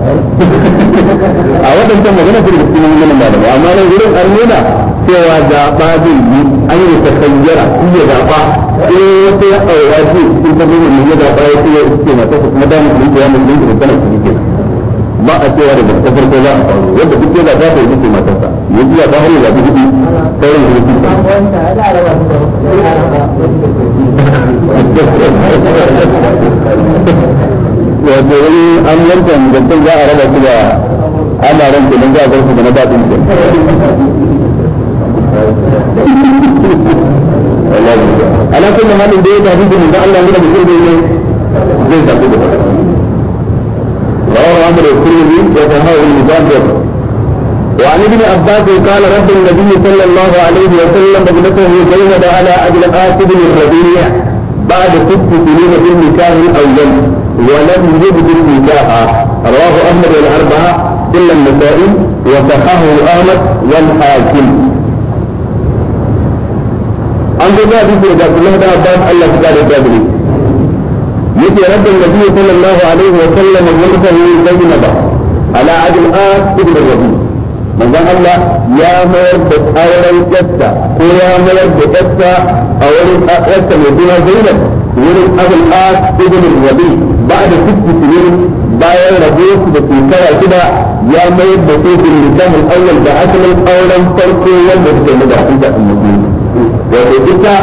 a waɗancan magana su da cikin maganin da amma nan wurin an nuna cewa zaɓa zai yi an yi ta kanyara shi ya zaɓa in eh, wata ya aura ce cikin tabbatin mai zaɓa ya ce ya ce kuma damar su ya mun dinka da su ke ba a cewa da ta farko za a faru yadda duk ya zaɓa ta yi ce matarsa ya ji zaɓa har ya zaɓi kuɗi sauran su wato wani an yanka mutum za a raba su da ana ran ke don za a bar su da na batin ke ala kullu halin da ya tafi da manzo Allah ya da mutum da yake zai tafi da رواه عمر الترمذي وصححه المجاهد وعن ابن عباس قال رب النبي صلى الله عليه وسلم ابنته زينب على ابن قاسم الربيع بعد ست سنين من نكاح او جنب ولم يجد النكاح رواه احمد والاربعه الا النسائي وفقهه احمد والحاكم عن جزاء ابي الله بن عباس الا كتاب الجابري يتي رد النبي صلى الله عليه وسلم المرسل من بين على عبد الآن ابن الربيع من قال الله يا مرد أولا جثة ويا مرد جثة أولا أولا جثة من ورد أبو الآس ابن الربيع بعد ست سنين باير ربيك بسيطرة كده يا ميت بسيط اللسان الأول بحسن الأولى تركي والمجد المدى حيدة المدينة وفي كتا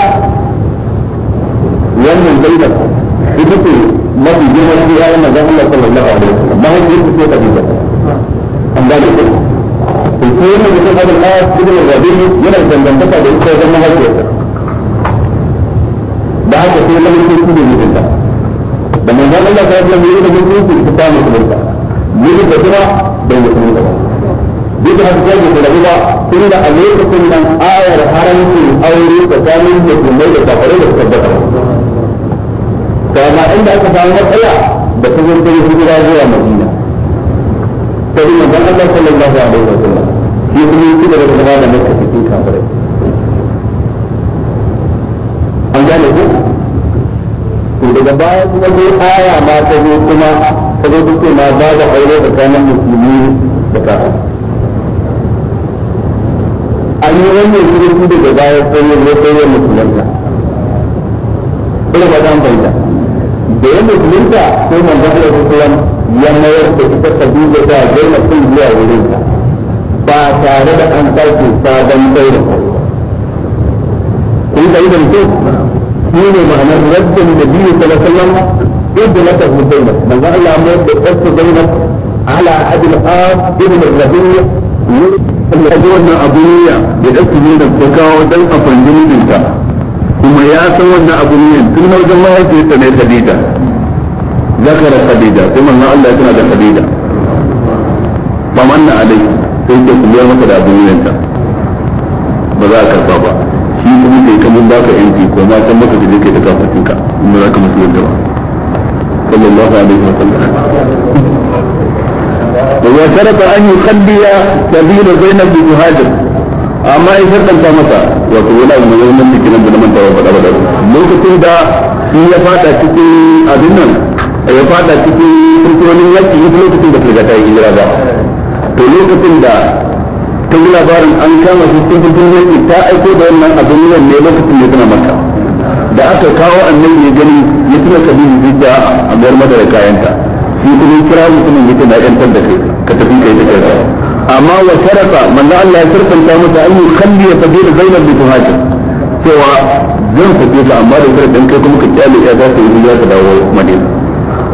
يوم البيضة كتبه ما في جنة فيها لما جاء الله صلى الله عليه وسلم ما هو جنة فيها قديمة أمدالك الكون اللي كان أبو الغبي ابن الربيع ينزل من بسيطة بسيطة da haka sai zama sai su ne mijinta da manzan Allah ta zama yi da mutunci su ta musulunta da kuma bai musulunta ba duk da haka sai da ruwa tun da a lokacin nan ayar haramcin aure tsakanin musulmai da kafirai da suka gaba to inda aka samu matsala da kuma sai hijira zuwa Madina sai manzan Allah sallallahu alaihi wasallam shi kuma yake da zama da mutunci kafirai an gane ku to daga baya kuma aya ma ta zo kuma ta zo ma aure musulmi da kafin an yi wannan shirin daga baya sai ya sai ya musulunta ba ta da ya musulunta sai da ya mayar da ita kabila da zainab sun zuwa wurinta ba tare da an sake sabon saurin فهمت ايضا الكيف شنو معنى رد النبي صلى الله عليه وسلم ابنته زينب من قال الله مرد اخت زينب على ابي الاب ابن الربيع ya ji wannan abu niyya da ɗauki ne da ta kawo dan a fanji mijinta kuma ya san wannan abu niyya tun na wajen mahaifiyarta ne Khadija zakara Khadija sai manzon Allah yana da Khadija famanna alai sai ke kuyar masa da abu niyyanta ba za a karba ba ni kuma kai kamun baka MP ko ma kaje kai in ba za ka yadda ba sallallahu alaihi wa sallam wa sharata an sabila zainab bi muhajir amma in shartanta masa wato wala mun yi nan kinan da man tawa fada fada lokacin da shi ya fada cikin abin nan ya fada cikin fursunonin yaki lokacin da firgata yi hijira ba to lokacin da ta yi labarin an kama su cikin gwamnati ta aiko da wannan a nan ne lokacin da tana maka da aka kawo annabi ya gani ya tuna kabilu zuciya a bayar mata da kayanta shi kuma kira mutumin yake na yantar da kai ka tafi kai ta kai amma wa sharafa manzo Allah ya sarkanta masa an kalli ya fadila zainab bi tuhajir cewa zan tafi ta amma da kar dan kai kuma ka kyale ya za ta yi ya ta dawo madina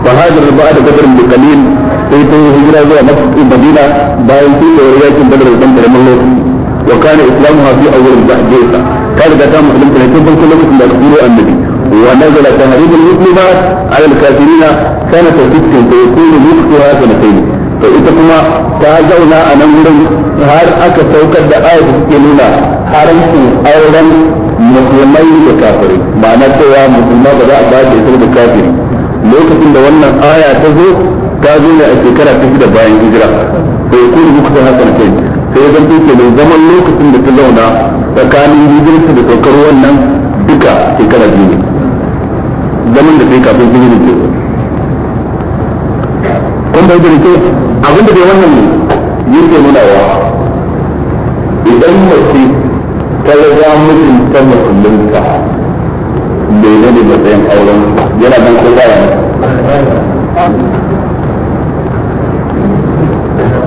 fa hadar ba'da qadar bi qalil sai ta yi hijira zuwa masjidin Madina bayan tutewar yakin Badar da karamin lokaci wa kana islamu hafi a wurin da awwal da'jisa ta riga ta musulunta ne tun farkon lokacin da turo annabi wa nazala tahrim al-muslimat ala al-kafirin kana tawfiqin fa yakunu mithluha sanatayn to ita kuma ta zauna a nan wurin har aka saukar da ayat da suke nuna haramcin auren musulmai da kafirai ma'ana cewa musulma ba za a ba da ita da kafiri lokacin da wannan aya ta zo ta zo ne a shekara ta shida bayan hijira to ya kuma muku ta hakan kai sai zan to ke zaman lokacin da ta launa tsakanin hijirta da saukar wannan duka shekara biyu ne zaman da ta yi kafin hijirar ke kun bai da ke abinda bai wannan ne yake nuna wa idan mace ta riga mutum ta musulunta bai ne da matsayin auren yana nan ko ba ya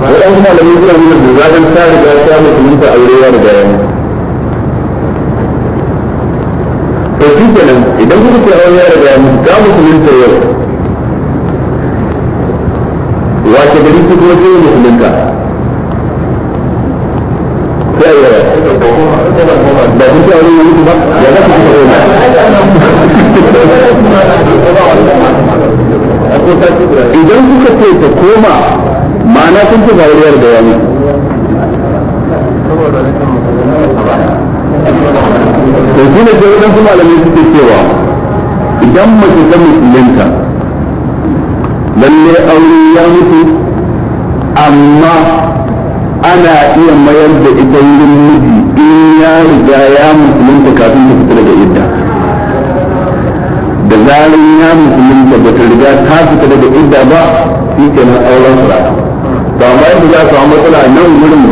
wadan kuma da mutuwa ne da zaran ta riga ta mutunta aure ya riga ya to shi kenan idan kuka ce aure ya riga ya ta yau wace gari ku kuma ce mutunta sai ba kun ce aure ya ba ya za ku kuma aure idan kuka ce ta koma ma'ana kun ce da wuriyar da ya mutu to shi ne sai wadansu malamai suke cewa idan mace ta musulunta lalle aure ya mutu amma ana iya mayar da ita wurin miji in ya riga ya musulunta kafin ta fita daga idda da zarar ya musulunta ba ta riga ta fita daga idda ba shi kenan auren su ba ma yadda za a samu matsala nan gurin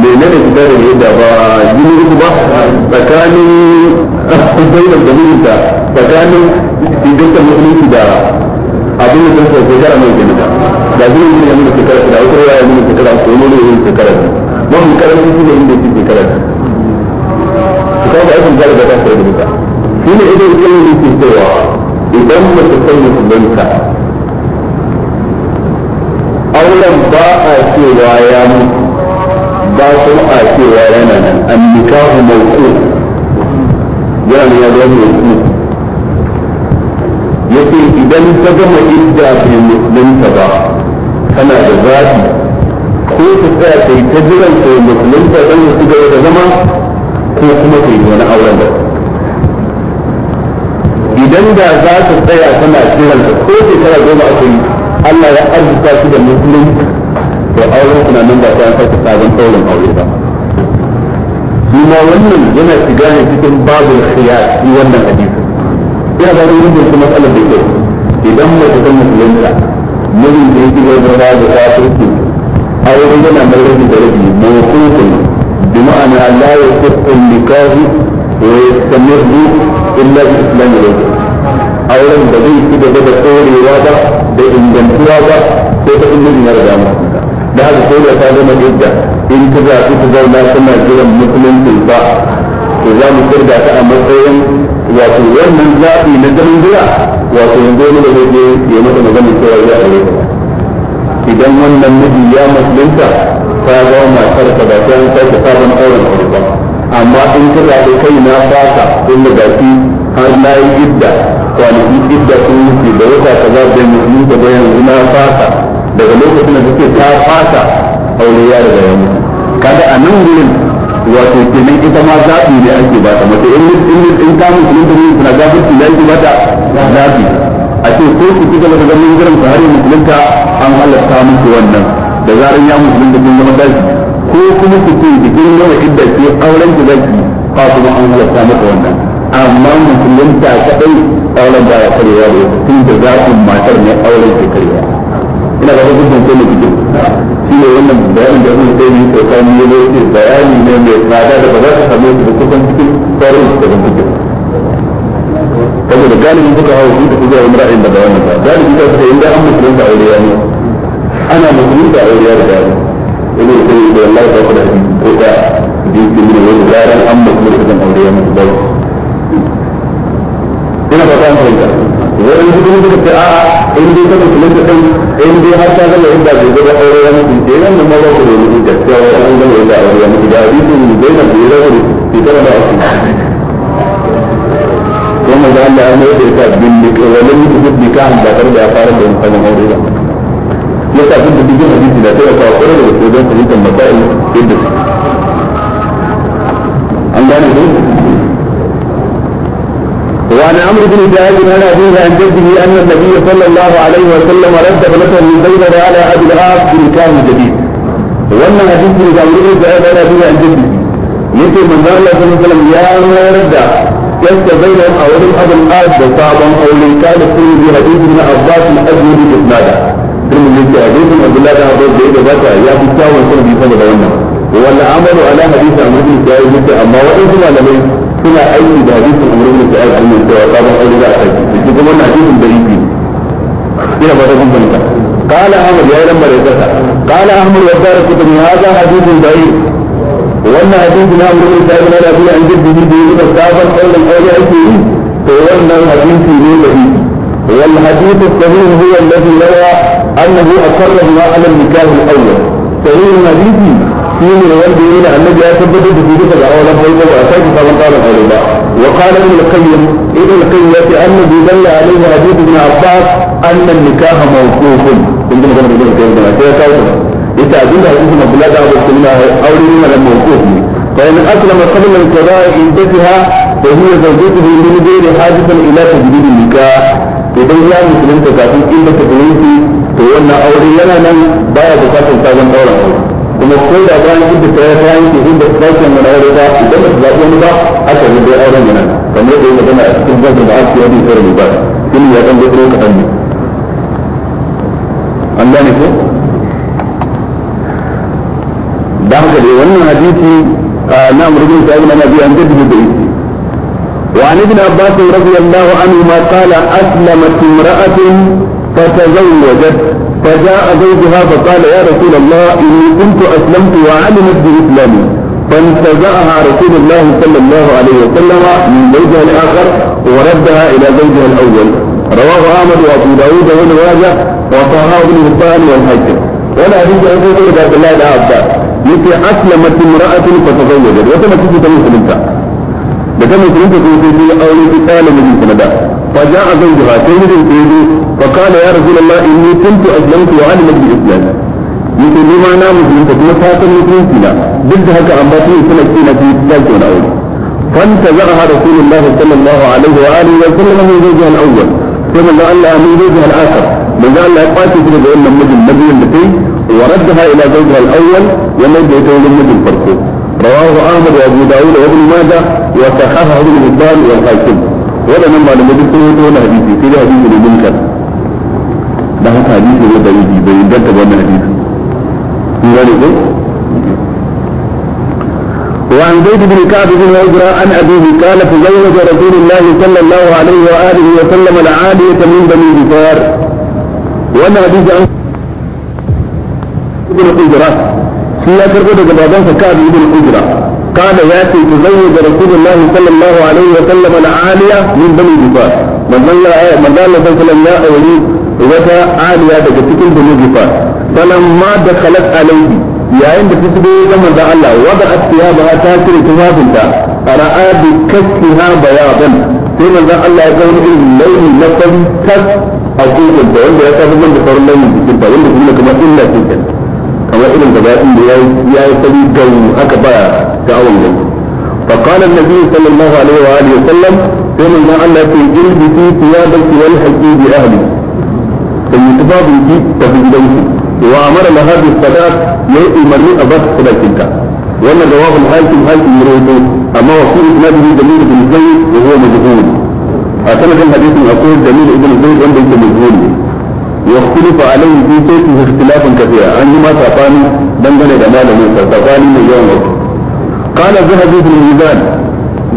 ne fita da yadda ba jini uku ba tsakanin bainar da mijinta tsakanin idanta musulunci da abin da kansa ko gara mai kenan da jini ne yana shekara da wata ya yana shekara ko ne ne yana shekara ba mun karamin shi ne inda shi aikin gara da kansa da duka shi ne idan yake cewa idan mutum sai wannan ba a cewa ya mutu ba kuma a cewa yana nan an nikahu mawqu yana ya zo mawqu yace idan ta gama idda bai musulunta ba tana da zafi ko ta tsaya ta yi ta jiran ta yi musulunta don su gaba da zama ko kuma ta yi wani auren da idan da za ta tsaya tana jiran ta ko shekara goma a yi Allah ya arzuta shi da musulun to auren suna nan ba sai an sake sabon aure ba shi ma wannan yana shiga ne cikin babu khiyar shi wannan hadisi ya ba yin da matsalar da ke idan mai ta musulunta mijin da yake da ba da kafirci aure yana mai rabi da rabi mawqufun bi ma'ana ya wa illa bi da zai ci gaba da tsorewa ba da ingantuwa ba ko ta inda ya da haka ko da ta zama idda in ta za ta zauna suna jiran musulunci ba to za mu kirga ta a matsayin wato wannan zaɓi na ganin jira wato yanzu wani da zai je ya mata maganin cewa ya aure idan wannan miji ya musulunta ta zama matar ka ba ta yi sake sabon auren aure ba amma in ka zaɓi kai na fata tun da gashi har na yi idda kwanaki idda sun wuce da wata kaza da musulmi ka bayan na fasa daga lokacin da take ta fasa aure ya daga ya mutu kada a nan gurin wato kenan ita ma zaɓi ne ake ba ta mace in in in ta musulmi da mutum na gafarci da ake ba ta zaɓi a ce ko ku cika daga ganin gurin ka har musulunta an halatta musu wannan da zaran ya musulunta kun zama daji ko kuma ku ce jikin yawan idda ke auren ku zaki ba kuma an halatta muku wannan amma musulunta kadai auren ba ya karewa da tun da zafin matar mai auren ke karewa ina ga wasu ko ne cikin shi ne wannan bayanin da zai sai ni ko kan ne ne ce bayani ne mai tsada da ba za ka samu da kusan cikin sauran da ban cikin saboda galibin suka hawo su da su zuwa ra'ayin da bayanin ba galibi ta sai inda an musulunta aure ya ne ana musulunta aure ya da gaba ina sai da wallahi ba ku da ko da bi bi ne wani zaran an musulunta aure ya ne ba ba an fahimta wani hukun da ce a in dai ka musulunta kai in dai har ta gama inda bai gaba aure ya mutu ke nan ma ba ku da wani wani an gama inda aure ya mutu da hadisin zai na bai rabu ke tara da asu kuma da Allah ya mai da ita bin wani mutu bi ka ba tare da ya fara da musamman aure ba yasa duk da dukkan hadisi da taimaka wa kwarar da wasu don fahimtar masa'il yadda su an gane dai وعن عمرو بن جهاد عن ابيه عن جده ان النبي صلى الله عليه وسلم رد بلسا من بين على ابي العاص بن كان الجديد. وان حديث من عمرو بن جهاد عن ابيه عن جده. يتي من الله صلى الله عليه وسلم يا رد كنت بين اول ابي العاص وصعبا او من كان في حديث من عباس الاجنبي اسنادا. ثم يجي حديث عبد الله بن عباس بن بكر يا ابو ساوى كل بيسال ولا عمل على حديث عمرو بن جهاد اما وان كنا لم suna aiki da hadisin amrun da ta'ala an yi cewa sabon aure za a kai shi kuma wannan hadisin da ina ba قال احمد يا لما قال احمد وزارة بن هذا حديث بعيد وان حديث امر بن سعيد لا يقول عن جده بيقول الصحابه قول القول اكيد فوالنا الحديث ضعيف والحديث الصحيح هو الذي روى انه اقر بما على النكاح الاول صحيح الحديث shine wanda ya da annabi ya tabbatar da shi daga auren farko ba a sake sabon tsarin aure ba wa qala ibn al-qayyim ibn al-qayyim ya ce annabi dalla alaihi hadith ibn abbas anna an-nikaha mawqufun kun ji magana da ibn al-qayyim da ya kawo ita abin da hadisin abdullahi da abu sunna aure ne na mawquf ne fa in aslama qabla al-qada'i intaha fa huwa zawjatuhu min ghairi hajatan ila tajdid an-nikah idan ya musulunta kafin inda ta to wannan aure yana nan baya bukatar sabon daura aure kuma ko da bayan inda ta ta yanke inda ta ta mu na wani ba idan ba ta zaɓi wani ba haka ne dai auren yana kamar da ya magana a cikin zan da aka yi wani ba shi ya ɗan gudu kaɗan ne an gane ko da haka dai wannan hadisi na amurbin sa'adu na nabi an jaddu da isi وعن ابن عباس رضي الله عنهما قال أسلمت امرأة فتزوجت فجاء زوجها فقال يا رسول الله إني كنت أسلمت وعلمت بإسلامي فانتزعها رسول الله صلى الله عليه وسلم من زوجها الآخر وردها إلى زوجها الأول رواه أحمد وأبو داود وابن ماجه وصححه ابن حبان والحجر ولا حديث عن سيدنا عبد الله بن عباس يتي أسلمت امرأة فتزوجت وتمت في تمثل انت لكن ta musulunta في sai ta yi aure فجاء زوجها سيد الكيد فقال يا رسول الله اني كنت اسلمت وعلمت بالاسلام يقول لما نام مسلم فكما فاتن مسلم فينا ضد هكا عن باطن سنة فينا في ذلك الاول فانتزعها رسول الله صلى الله عليه واله وسلم من زوجها الاول ثم جعلها من زوجها الاخر من جعل لها قاتل في زوجها النجم النبي النبي وردها الى زوجها الاول ونجد يتولى النمج الفرقه رواه احمد وابو داود وابن ماجه وصححه ابن حبان والحاكم waɗannan malamai duk sun yi wani hadisi sai dai hadisi ne munkar da haka hadisi ne da yiji bai danta ba wannan hadisi kun gane ko وعن زيد بن كعب بن عزرا عن أبيه قال تزوج رسول الله صلى الله عليه وآله وسلم العالية من بني بكار وأن حديث عن بن الحجرة في أكثر من بابان فكعب ابن كان ياتي تزوج رسول الله صلى الله عليه وسلم العالية من بني جفار من قال آية- من قال صلى الله عليه وسلم وجاء عالية بكتكل بني جفار فلما دخلت عليه يا ان تسبي كما دعا الله وضعت ثيابها تاكل ثوابها فراى بكفها بياضا ثم دعا الله يقول ان الليل لكم كف اقول انت وانت يا كفر من بفر الليل بكفر وانت كما الا كفر kamar irin da daɗin da ya yi sabi gan aka ba sha'awar gani فقال النبي صلى الله عليه وآله وسلم سيما ما أن في في ثيابك والحكي بأهلك في تفجدنك وأمر لها بالصلاة يأتي مريء بس صلاتك وأن جواب الحاكم حاكم يريد أما وفي إسناده جميل بن زيد وهو مجهول أسنة الحديث من أقول جميل بن زيد وأنت مجهول يختلف عليه في شيخه اختلافا كثيرا عندما تعطاني دندن الأمانة موسى تعطاني مليون وقت قال ذهبي في الميزان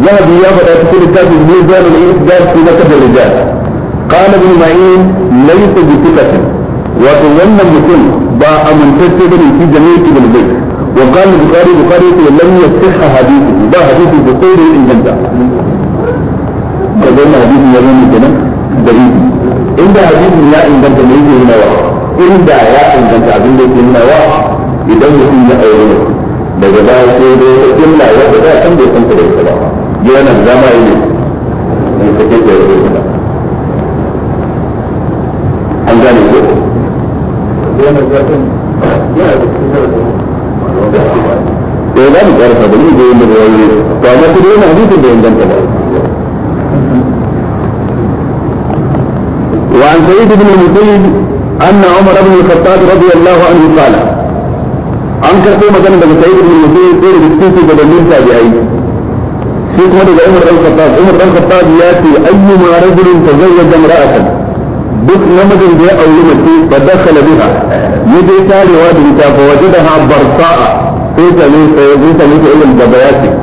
ذهبي يا فتاة كل كتاب الميزان والإسجاد في مكتب الرجال قال ابن معين ليس بثقة وتظن بكل با أمنتك بني في جميع ابن البيت وقال البخاري البخاري لم يصح حديثه با حديث بطول إن جندا حديثه حديث يظن كده دليل inda hadisin ya inganta ne yake nawa inda ya inganta abin da yake nawa idan mutum ya aure ne daga baya sai da ta illa wanda da kan bai san ta da ita ba yana zama ne ne take da an gane ko yana zafin yana da cikin da za mu karfa da ni da ya da ruwa ne to amma kuma ba hadisin da inganta ba وعن سيد بن المسيب أن عمر بن الخطاب رضي الله عنه قال عن كرتومة جنب سيد بن المسيب قول بالسيسي قد المنسى بأي شيخ مدد عمر بن الخطاب عمر بن الخطاب يأتي أيما رجل تزوج امرأة بك نمد بها أو يمسي فدخل بها يدي تالي واد بتا فوجدها برطاء فيتا ليس يجيسا ليس إلا البباياتي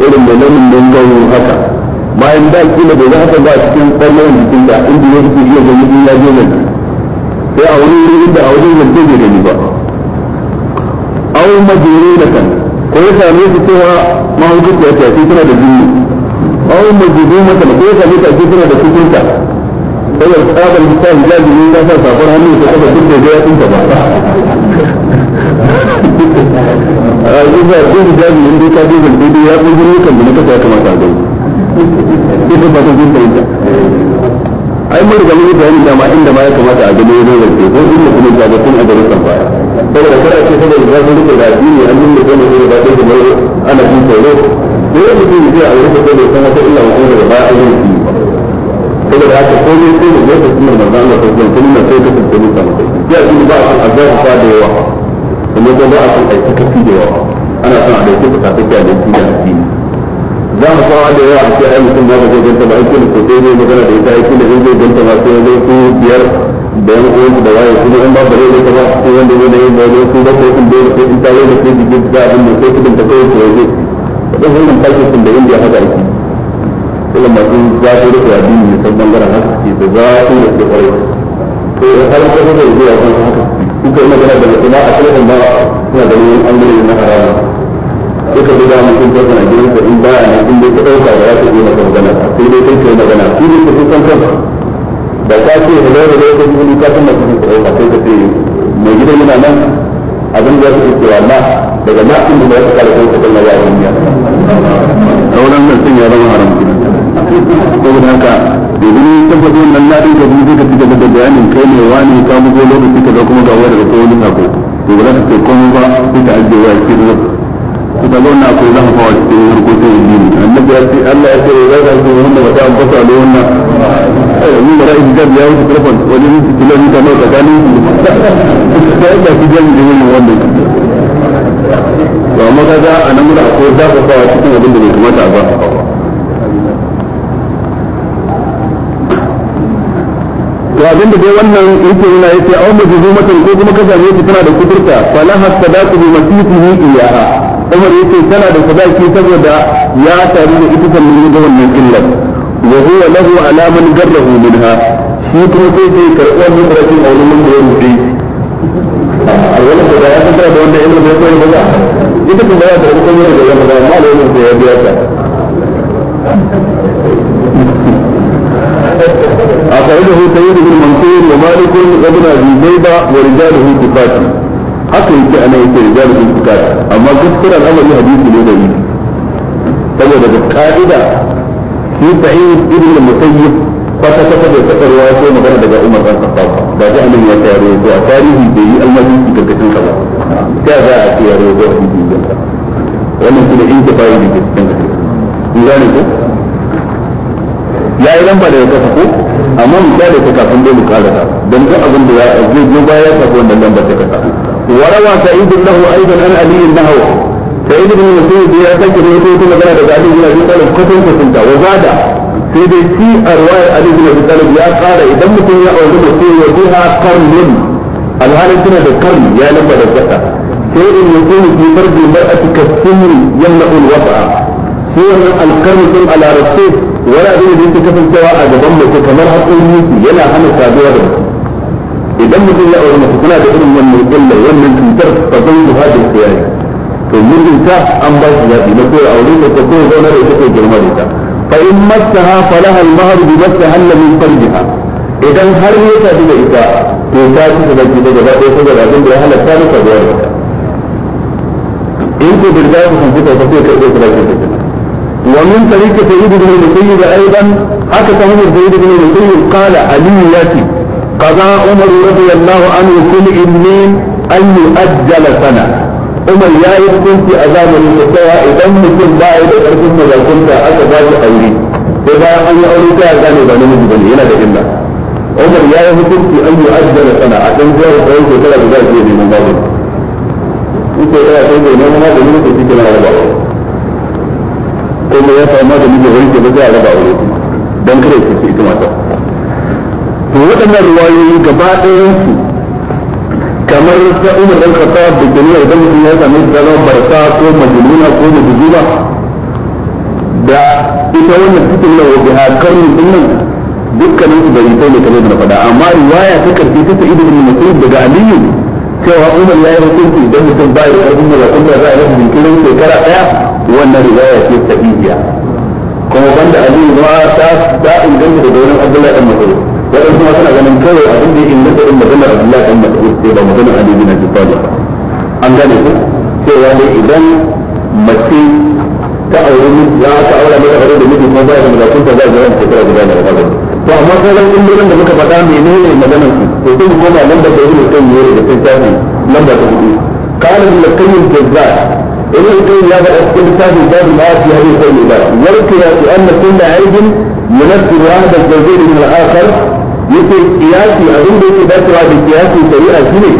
إلا من من من من من bayan da kila bai haka ba cikin kwallon jikin da inda ya fi iya gani in ya je gani sai a wani wuri da a wajen zance bai gani ba au majere na kan ko ya same su cewa mahaukaci ya tafi tana da jini au majere na kan ko ya same ta tana da cikinta saboda tsabar ta ne ya sa safar hannu ta kafa duk da ya tsinta ba a yanzu ba duk hijabi ne dai ka je zance ya fi jini kan da na kasa ya kamata a gani ita ba ta zuwa ita ai mun da ma inda ma ya kamata a gani ne zai ko inda kuma tun a garin san baya da kada ce saboda da zai rike da addini an nuna da ne da take mai ana jin tsoro ko da mutum zai a wurin da san wata illa ko da baya a wurin shi saboda haka ko ne ko ne da sunan manzon Allah ko sunan sai ka tabbata mutum ya ji ba a azabu fa da yawa kuma ba a san aikata da yawa ana son a dauki fatafiya da addini za mu kawo da yawa a ce ai mutum ba zai ganta ba aikin ko sai zai magana da ita aikin da zai ganta ba sai zai su biyar da yan uwan da waye kuma in ba bare ne ba sai wanda zai yi ba ne su ba ko in dole sai in ta yi da sai jiki da abin da sai kudin ta kai ko zai da wannan tashi sun da indiya haka aiki kuma masu zafi da kuwa dini ne san bangaren haka ke da zafi da kwarai to ya har ka zai zuwa kan haka kuka yi magana da mutum a kalmar ma suna ganin an gani na haramun suka ji dama sun kai na gidan ka in ba ya in dai ka dauka da za ka magana sai dai kai kai magana shi ne ka san kan da ka ce da da da ka ji ka san da ka dauka sai ka ce mai gidan yana nan abin da ya ce na daga na in da ya fara kai ka san ya yi ya sauran nan sun ya zama haram saboda haka domin tabbatar nan na zai ka da bayanin kai ne wani ka lokaci ka kuma ga da ko sako to ba za ka ce komai ba sai ka ajiye wa ka zauna ko za ka fawa cikin harkokin addini annabi ya ce Allah ya ce ya wanda ba ta ambata da wannan eh mun da ra'ayi da ya wuce telefon wani kilomita nawa tsakanin da ya ga kidan da wannan wannan to amma kaga za ka fawa cikin abin da bai kamata ba to abinda dai wannan yake yana majzumatan ko kuma ka same tana da kudurta falaha sadaqu bi iyaha Umar yake tana da sadaki saboda ya taru da ita kan mun ga wannan illar wa huwa lahu ala garrahu minha shi kuma sai sai karɓo mun da shi a wannan da ya rufe a wannan da ya tsara da wannan illar da ya koyi ba ita kuma ya taru kuma da ya ba amma da wannan da ya biya ta أخرجه سيد بن منصور ومالك وابن أبي da ورجاله ثقات haka yake ana yake da bin kitab amma gaskiya al'amari hadisi ne da yi saboda da ka'ida shi sa'id irin da musayyib kwata kwata da taɓa ko magana daga umar ɗan kafafa ba sai annabi ya tsaya ruwa a tarihi bai yi almajisi karkashin sa ba ta za a ce ya ruwa ko hadisi ne wannan kuma ne in ta fayi da ke cikin ku gane ko ya yi lamba daga kasa ko amma mu kyale ta kafin dole mu karata don duk abin da zai biyo baya ya tafi wannan lambar ta kasa وروى سعيد له ايضا انا علي النهو سعيد بن مسعود يا بن يقول كل بلد بعد ابن ابي طالب قتل قتلت وزاد في ذي في ارواح علي بن ابي طالب يا قال اذا مكن يا اولي مسعود وفيها قرن الهالة سنة القرن يا لبى لبتا سعيد بن مسعود في فرد المرأة كالسمر يمنع الوضع سيما القرن ثم على رسول ولا ادري انت كيف انت واحد ضمك كمرأة امي يلا حمد سعيد بن idan mutum ya aure mace tana da irin wannan illa wannan cutar ba zan yi ha da koyar to mijin ta an ba shi zaɓi na koyar aure da ta koyar zaune da ita ko girma da ita fa in masaha falaha al mahar bi masaha min ha idan har ya sadu da ita to ta ci da baki da gaba ɗaya saboda abin da ya ta nufa da ita in ko da za ku san kuka ta sai karɓe kira ki ta wa min tariqati ibn al-qayyim aidan haka ta hanyar da ibn al-qayyim qala aliyati قضى عمر رضي الله عنه كل إمين أن يؤجل سنة Umar ya yi hukunci a zamanin da cewa idan mutum ba ya da ƙarfin mazakunta aka ba shi aure sai bayan an yi aure ta ya gane ba namiji yana da illa Umar ya yi hukunci an yi sana a ɗan zuwa da tsawon shekara da za a iya neman babu ita ya ta zai neman ita waɗannan ruwayoyi gaba ɗayansu kamar ta umar dan khattab da jami'a idan mutum ya sami zama barka ko majnuna ko majnuna da ita wannan cikin lawa a hakarun dinnan dukkanin su bai sai ne kamar da faɗa amma riwaya ta karfi ta sa'idu bin mas'ud daga aliyu cewa umar ya yi hukunci idan mutum ba ya karfi da zakon da za a yi jinkirin shekara ɗaya wannan riwaya ce ta ijiya kuma banda aliyu ma ta inganta da wurin abdullahi ɗan mas'ud wadda kuma suna ganin kawai abin da yake nasa in magana Abdullahi dan Mas'ud sai ba magana Ali bin Abi Talib an gane ku cewa dai idan mace ta aure miji ya ta aure mata aure da miji kuma ba da mutum ta za ta zama shekara guda da rafa to amma sauran illolin da muka faɗa menene maganar su to sai mu koma nan da ta yi mutum ne da ta tafi nan da ta hudu قال ابن القيم الجزاء ابن القيم يا بقى كل كتاب باب ما في هذه الكلمات يذكر بان كل عيب ينفي هذا الزوجين من الاخر yake kiyasi abin da yake dacewa da kiyasi shari'a shine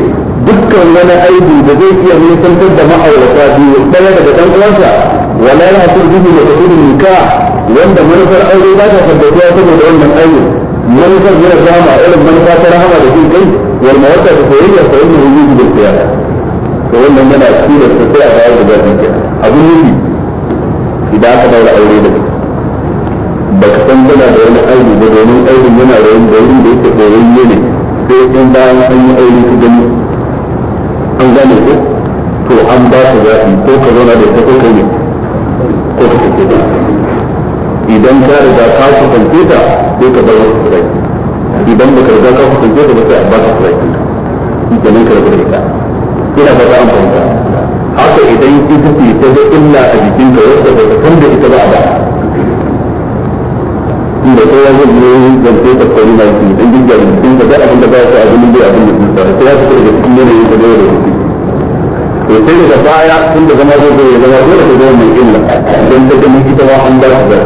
dukkan wani aibu da zai iya nisantar da ma'aurata biyu daya daga dan uwansa wala ya hasu bihi da kudin nika wanda manufar aure ba ta tabbatuwa saboda wannan aibu manufar yana zama irin manufar ta rahama da jin kai wal mawadda da soyayya fa inna yuzu bil qiyas to wannan yana cikin da tsaya a bayar da gaskiya abin yi idan aka daura aure da ba ka san tana da wani aibi ba domin aibin yana da wani wurin da yake koyon ne sai in bayan an yi aure ka gani an gane ko to an ba su zaɓi ko ka zauna da ita ko ka ne ko ka kake ta idan ka riga ka kusance ta sai ka bar wasu kurai idan ba ka riga ka kusance ta ba sai a ba ka kurai idan ka riga ita ina ba ta amfani haka idan ita ce ta ga illa a jikinka wadda ba ka san da ita ba a ba da sai ya zai yi zance ta kori na shi dan jin jari din da abin da ba su abin da abin da sun sai ya fita daga cikin yanayin da yau da to sai daga baya tun da zama zai zai zama dole ka zama mai illa don ta gani ita ma an ba su da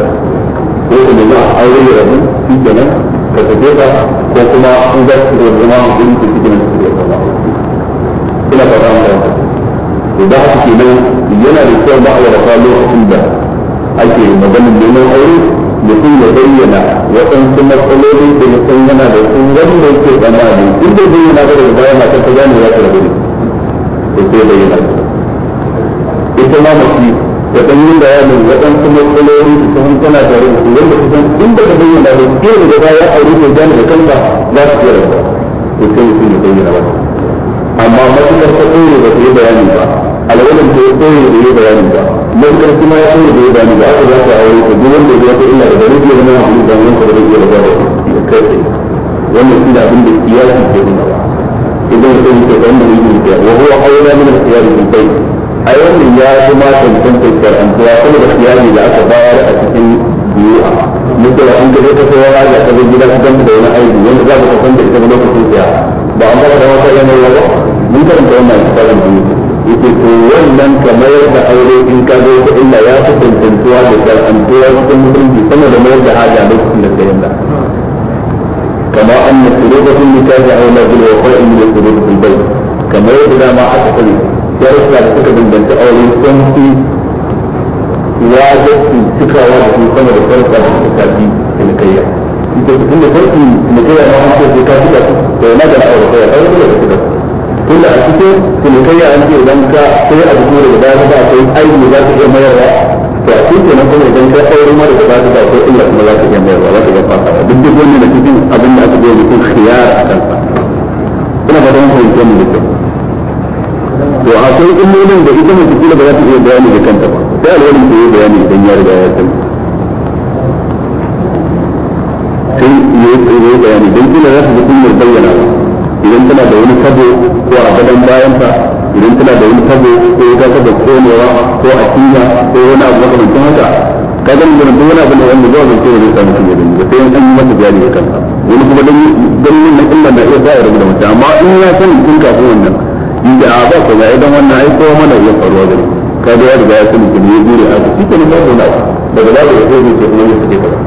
ko ta nemi a aure da rabu shi kenan ka tafi ka ko kuma an za su da zama a gurin su cikin su da zama ina fata mu da to da haka kenan yana da kyau ma'aurata lokacin da ake maganin neman aure mutum ya bayyana waɗansu matsaloli da mutum yana da su wanda yake tsammani duk da bayyana ga daga baya matar ta gane ya karbi da ke bayyana ita ma mace da ɗan yin bayanin waɗansu matsaloli da ta hankali tana tare da su wanda in da ka bayyana da ke da baya a rufe gane da kanka za su kera ba to sai mutum ya bayyana ba amma matuƙar ta ɗore ba ta yi bayani ba alwalan da ya koyi da ya bayani ba kuma ya koyi da ya ba aka za ka aure ka duk wanda ya ta illa da bari ya zama da da ya kai wannan shi da abin da kiyasi ke nuna idan ya kai ke wanda ya yi da a ya tantance kuma da kiyasi da aka bayar a cikin biyu mutuwa an gaba ta gida ta da wani wajen musulunci sama da mayar da haja lokacin da sayan da kama an na tsoro da sun nika da aula zuwa wa kawai inda tsoro da sun bai kamar yadda dama aka tsari ya da suka danganta aure sun fi cikawa da su sama da farka da suka tafi ita su tun da farki ma an ce ka su da da su da a cikin an ce idan ka sai da ba ka sai aiki za ka iya mayarwa to a cikin nan kuma idan ka aure mara da za ta ba ko illa kuma za ka iya mayarwa za ka iya fasa duk duk wannan da cikin abin da aka bai mutum khiyar a ka ina ba don fahimta mu da to akwai illolin da ita mace kila ba za ta iya bayani da kanta ba sai alwalin ta yi bayani idan ya riga ya sani sai ya yi bayani don kila za ta ji kunyar bayyana idan tana da wani kabo ko a gadon bayan ta idan tana da wani tabo ko ta taba konewa ko a kina ko wani abu makamancin haka ka ga mun duk wani abu ne wanda zuwa zance ne zai samu shi ne da sai an yi masa bayani da kansa wani kuma don ganin nan illa na iya tsaya da mutum amma in ya san tun kafin wannan inda a ba ko ga idan wannan ai ko mana ya faruwa da ni ka ga ya riga ya sani kuma ya gure a ba babu na daga babu ya zai zai ce kuma ya sake kaza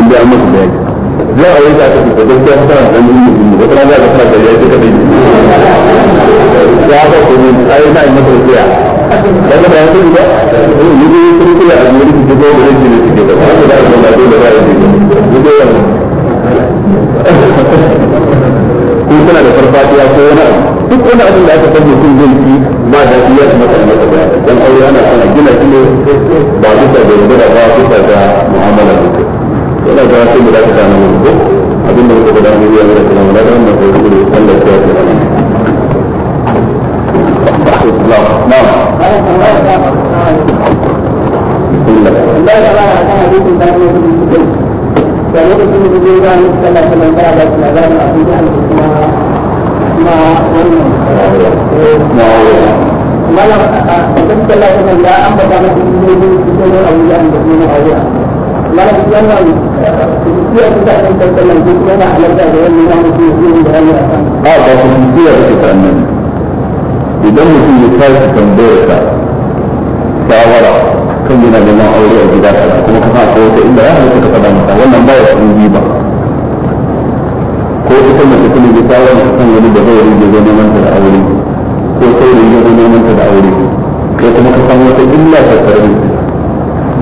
inda an masa bayani za a yanka ka fita don ta tana da yin mutum wata rana za ka da yaji kaɗai ya ba ku ne yi na'in masa rufiya da ka bayan ba yi ne sun kula a yi rikici ko da rikici ne suke da ba su da yin da ba ku ko ku kuna da farfatiya ko wani abu duk wani abin da aka san mutum zai ci ba da iya su masa masa ba dan aure ana son gina shi ba da rubuta ba da ina ga sai mu dace da ko ya ga kuma da ko Allah malam wannan kusurciya ta kuma da da kan. A Idan mutum ya tashi tambayar sa shawara kan yana neman aure a gida kaza kuma ka sa ta inda ya halatta ka faɗa masa wannan ba ya yi ba Ko ita mace kuma ya shawara ta san wani da zai rage zo neman ta da aure ko sai rage neman ta da aure kai kuma ka san wata illa ta tsarin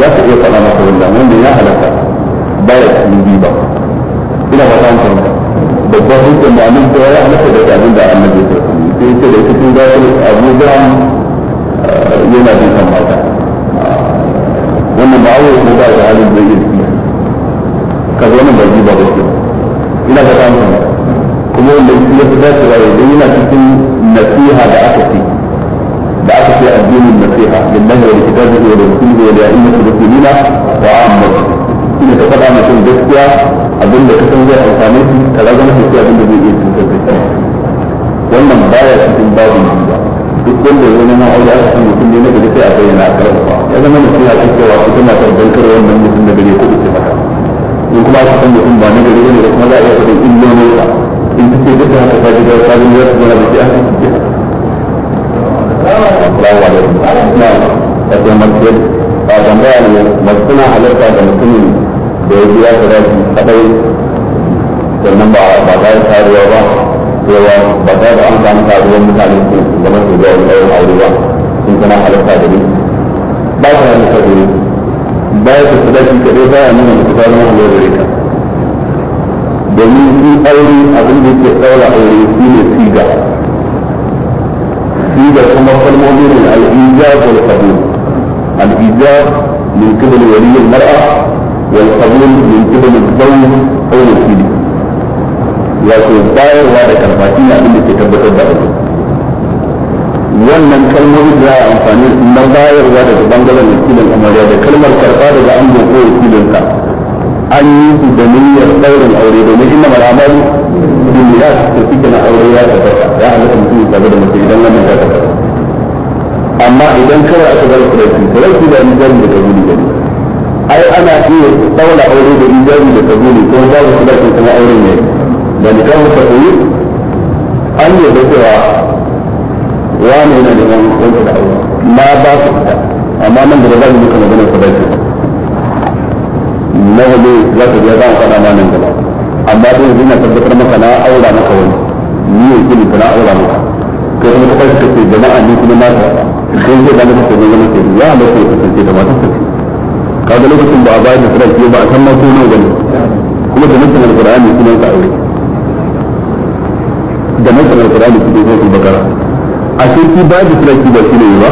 za ka iya faɗa maka wannan wanda ya halatta ba ya cikin ba ina ba ta babban hukun da annabi cewa ya halatta da abin da annabi ta sai ce da ita tun abu da uh, yana bin kan mata wannan ba awai ko ba da halin da yake ka zo nan ba riba ba ke ina ba ta kuma wanda ya fi dacewa yanzu yana cikin nasiha da aka ce da aka ce addinin nasiha lillahi da kitabihi wa rasulihi wa la'immatil muslimina wa ammatu shine ka faɗa mutum gaskiya abinda ka san zai amfane shi ka raga masa shi abinda zai iya cutar da shi wannan baya cikin babin jiba duk wanda ya zama aure aka mutum ne na gari sai a bayyana a karfafa ya zama mutum ya san cewa ita na karɓar wannan mutum na gari ko ita maka in kuma aka san mutum ba na gari ne da kuma za a iya faɗin illolinsa in ta ce duk da haka ta ji ta ji ya zama da shi aka assalamu alaikum na kace mace ba tambaya ne mace na halatta da mutumin da ya biya ta rashi kadai sannan ba ba ta taruwa ba cewa ba ta da an samu taruwar mutane su zama su zuwa ɗaurin aure ba sun tana halatta da ni ba ta ta ta domin shi aure abin da yake ɗaura aure shi ne siga shi da kuma kalmomi ne والقبول ijab من قبل ولي المرأة والقبول من قبل mara wal qabul الضائر وعلى كرباتين عندما aw الضائر wannan kalmomi da ya amfani na bayarwa daga bangaren wakilin amarya da kalmar karfa daga ango ko wakilinsa an yi su da niyyar ɗaurin aure domin bin milas to shi kenan aure ya tabbata ya halatta mutum ya tabbata mace idan wannan ta amma idan kawai aka bar kuraici kuraici da rijali da kabuli da ne ai ana iya daura aure da rijali da kabuli ko babu kuraici kuma aure ne da nikahu ta koyi an yi da cewa wani yana da wani kwanci da aure na ba su fita amma nan da za mu yi kuma ganin na wani za ka biya za mu faɗa ma nan gaba amma dai yanzu na tabbatar maka na aura maka wani ni ne kini na aura maka kai kuma ka tashi kace jama'a ni kuma na ta sai zai bani kace ne zama kai ya halatta ya kasance da matar ka kaga lokacin ba a bayar da sadaki ba a san ma ko nawa bane kuma da nasarar alqur'ani kuma ka aure da nasarar alqur'ani kuma sai ku bakara a sai ki bayar da sadaki ba shi ne ba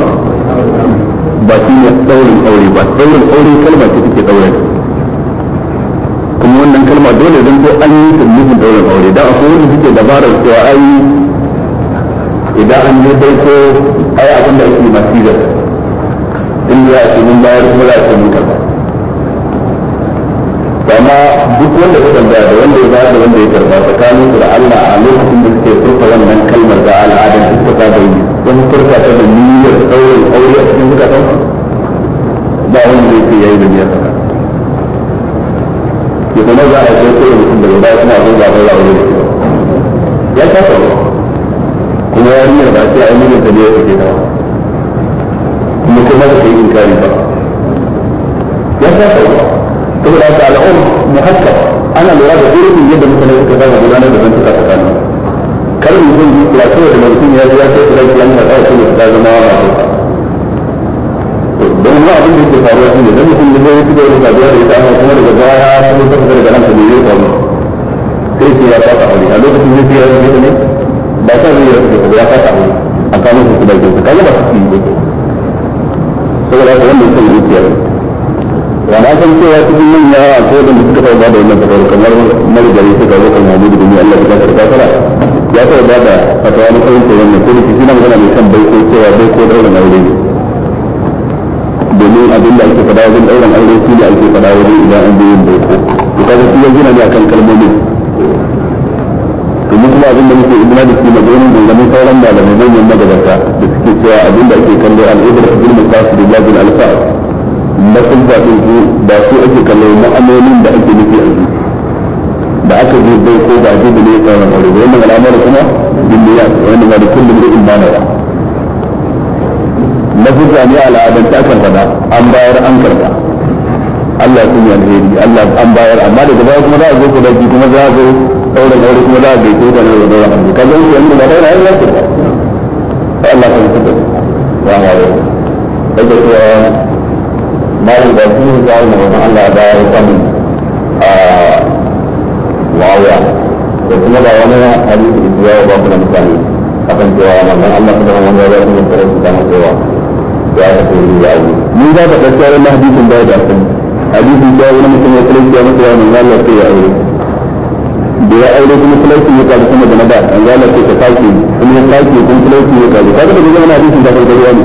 ba shi ne tsaurin aure ba tsaurin aure kalma ce take tsaurin domin wannan kalma dole don ko an yi ta nufin daurin aure da akwai wanda suke dabarar ko a yi idan an yi bai ko a yi abin da ake masu yi in za a ce mun bayar kuma za a ce mun ba ma duk wanda ya tambaya da wanda ya bayar da wanda ya karba tsakanin su da Allah a lokacin da suke furta wannan kalmar da al'adar su ta da yi don furta ta da niyyar daurin aure a cikin zukatan ba wanda ya ce ya yi da niyyar ya sanar za a zai kowane mutum daga baya ba abin zaɓar ya wuri ya kasa ba kuma ya yi ba sai an yi da tabiya ya ke dawa kuma kuma da yin inkari ba ya kasa ba da haka al'ur muhakkab ana lura da irin yadda mutane suka saba gudanar da zantuka tsakanin kar mutum ya kawai da mutum ya ji ya ce da ya ya ce ta zama masu don ba abin da yake faruwa shi ne don mutum da zai fito da sabuwa da ita amma kuma daga baya kuma ta fitar da ranka da yi faru sai ke ya fata aure a lokacin zai fiye da ne ba ta zai yi ya fata aure a kamun su da jinsu kaga ba su yi saboda haka wannan sun yi fiye wa na san cewa cikin manya ko da mutum ta ba da wannan fatawar kamar marigari suka zo kan mahmudu da ni Allah ta karɓa sara ya taɓa ba da fatawa na kawai ce wannan ko da shi na magana mai kan baiko cewa baiko da wannan aure ne irin abin da ake faɗa wajen ɗauran aure da ake wajen idan an yin boko to kaga shi ne akan kalmomi domin kuma abin da muke ibna da shi maganin dangane sauran malamai manyan magabata da suke cewa abin da ake kallo na ba su ake kallo da ake nufi a zuci da aka je bai ba a da ne aure wannan al'amari kuma wannan ba da kullum in ba na na hujja ne al'adar ta akan fada an bayar an karba Allah sun yi alheri Allah an bayar amma da baya kuma za a zo ku daki kuma za a zo daura daura kuma za a bai ko kana da daura ka ga shi yanda ba daura ai lafiya Allah ka mutu wa ha ya daga cewa yi ba su a wannan Allah ba ya sani a wawa da kuma ba wani hadisi da ya ba kuma mutane akan cewa manzon Allah subhanahu wa ta'ala ya kuma tsare su da cewa ya ta kai ya yi ni za ka ɗauki wani hadisin da ya da hadisin da wani mutum ya kalli ya masa ya manzo Allah sai ya aure da ya aure kuma kulaikin ya kaji sama da na da an gala sai ka kake kuma ya kake kuma kulaikin ya kaji kaga da kuma hadisin da kan gari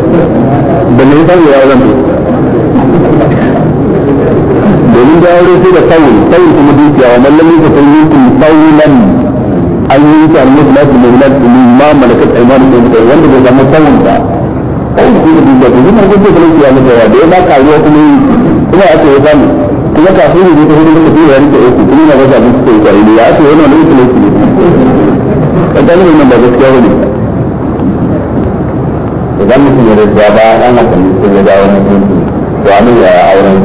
ne da me yasa ya auren to domin da aure sai da sauri sauri kuma dukiya wa mallamin ka san yankin sauran an yi ta annabi na da mulmul ma malakat aymanu ko wanda bai zama sauran kai da kuma duba to kuma gudu da lafiya da yawa da ya ba karuwa kuma kuma ake ya samu kuma kafin ne ta hudu da kuma ya rike uku kuma na gaza da suke kai ne ya ake yana da lafiya ne kadan ne ba gaskiya bane idan mutum ya rage ba an haka ne sai ya dawo ne to amin ya auren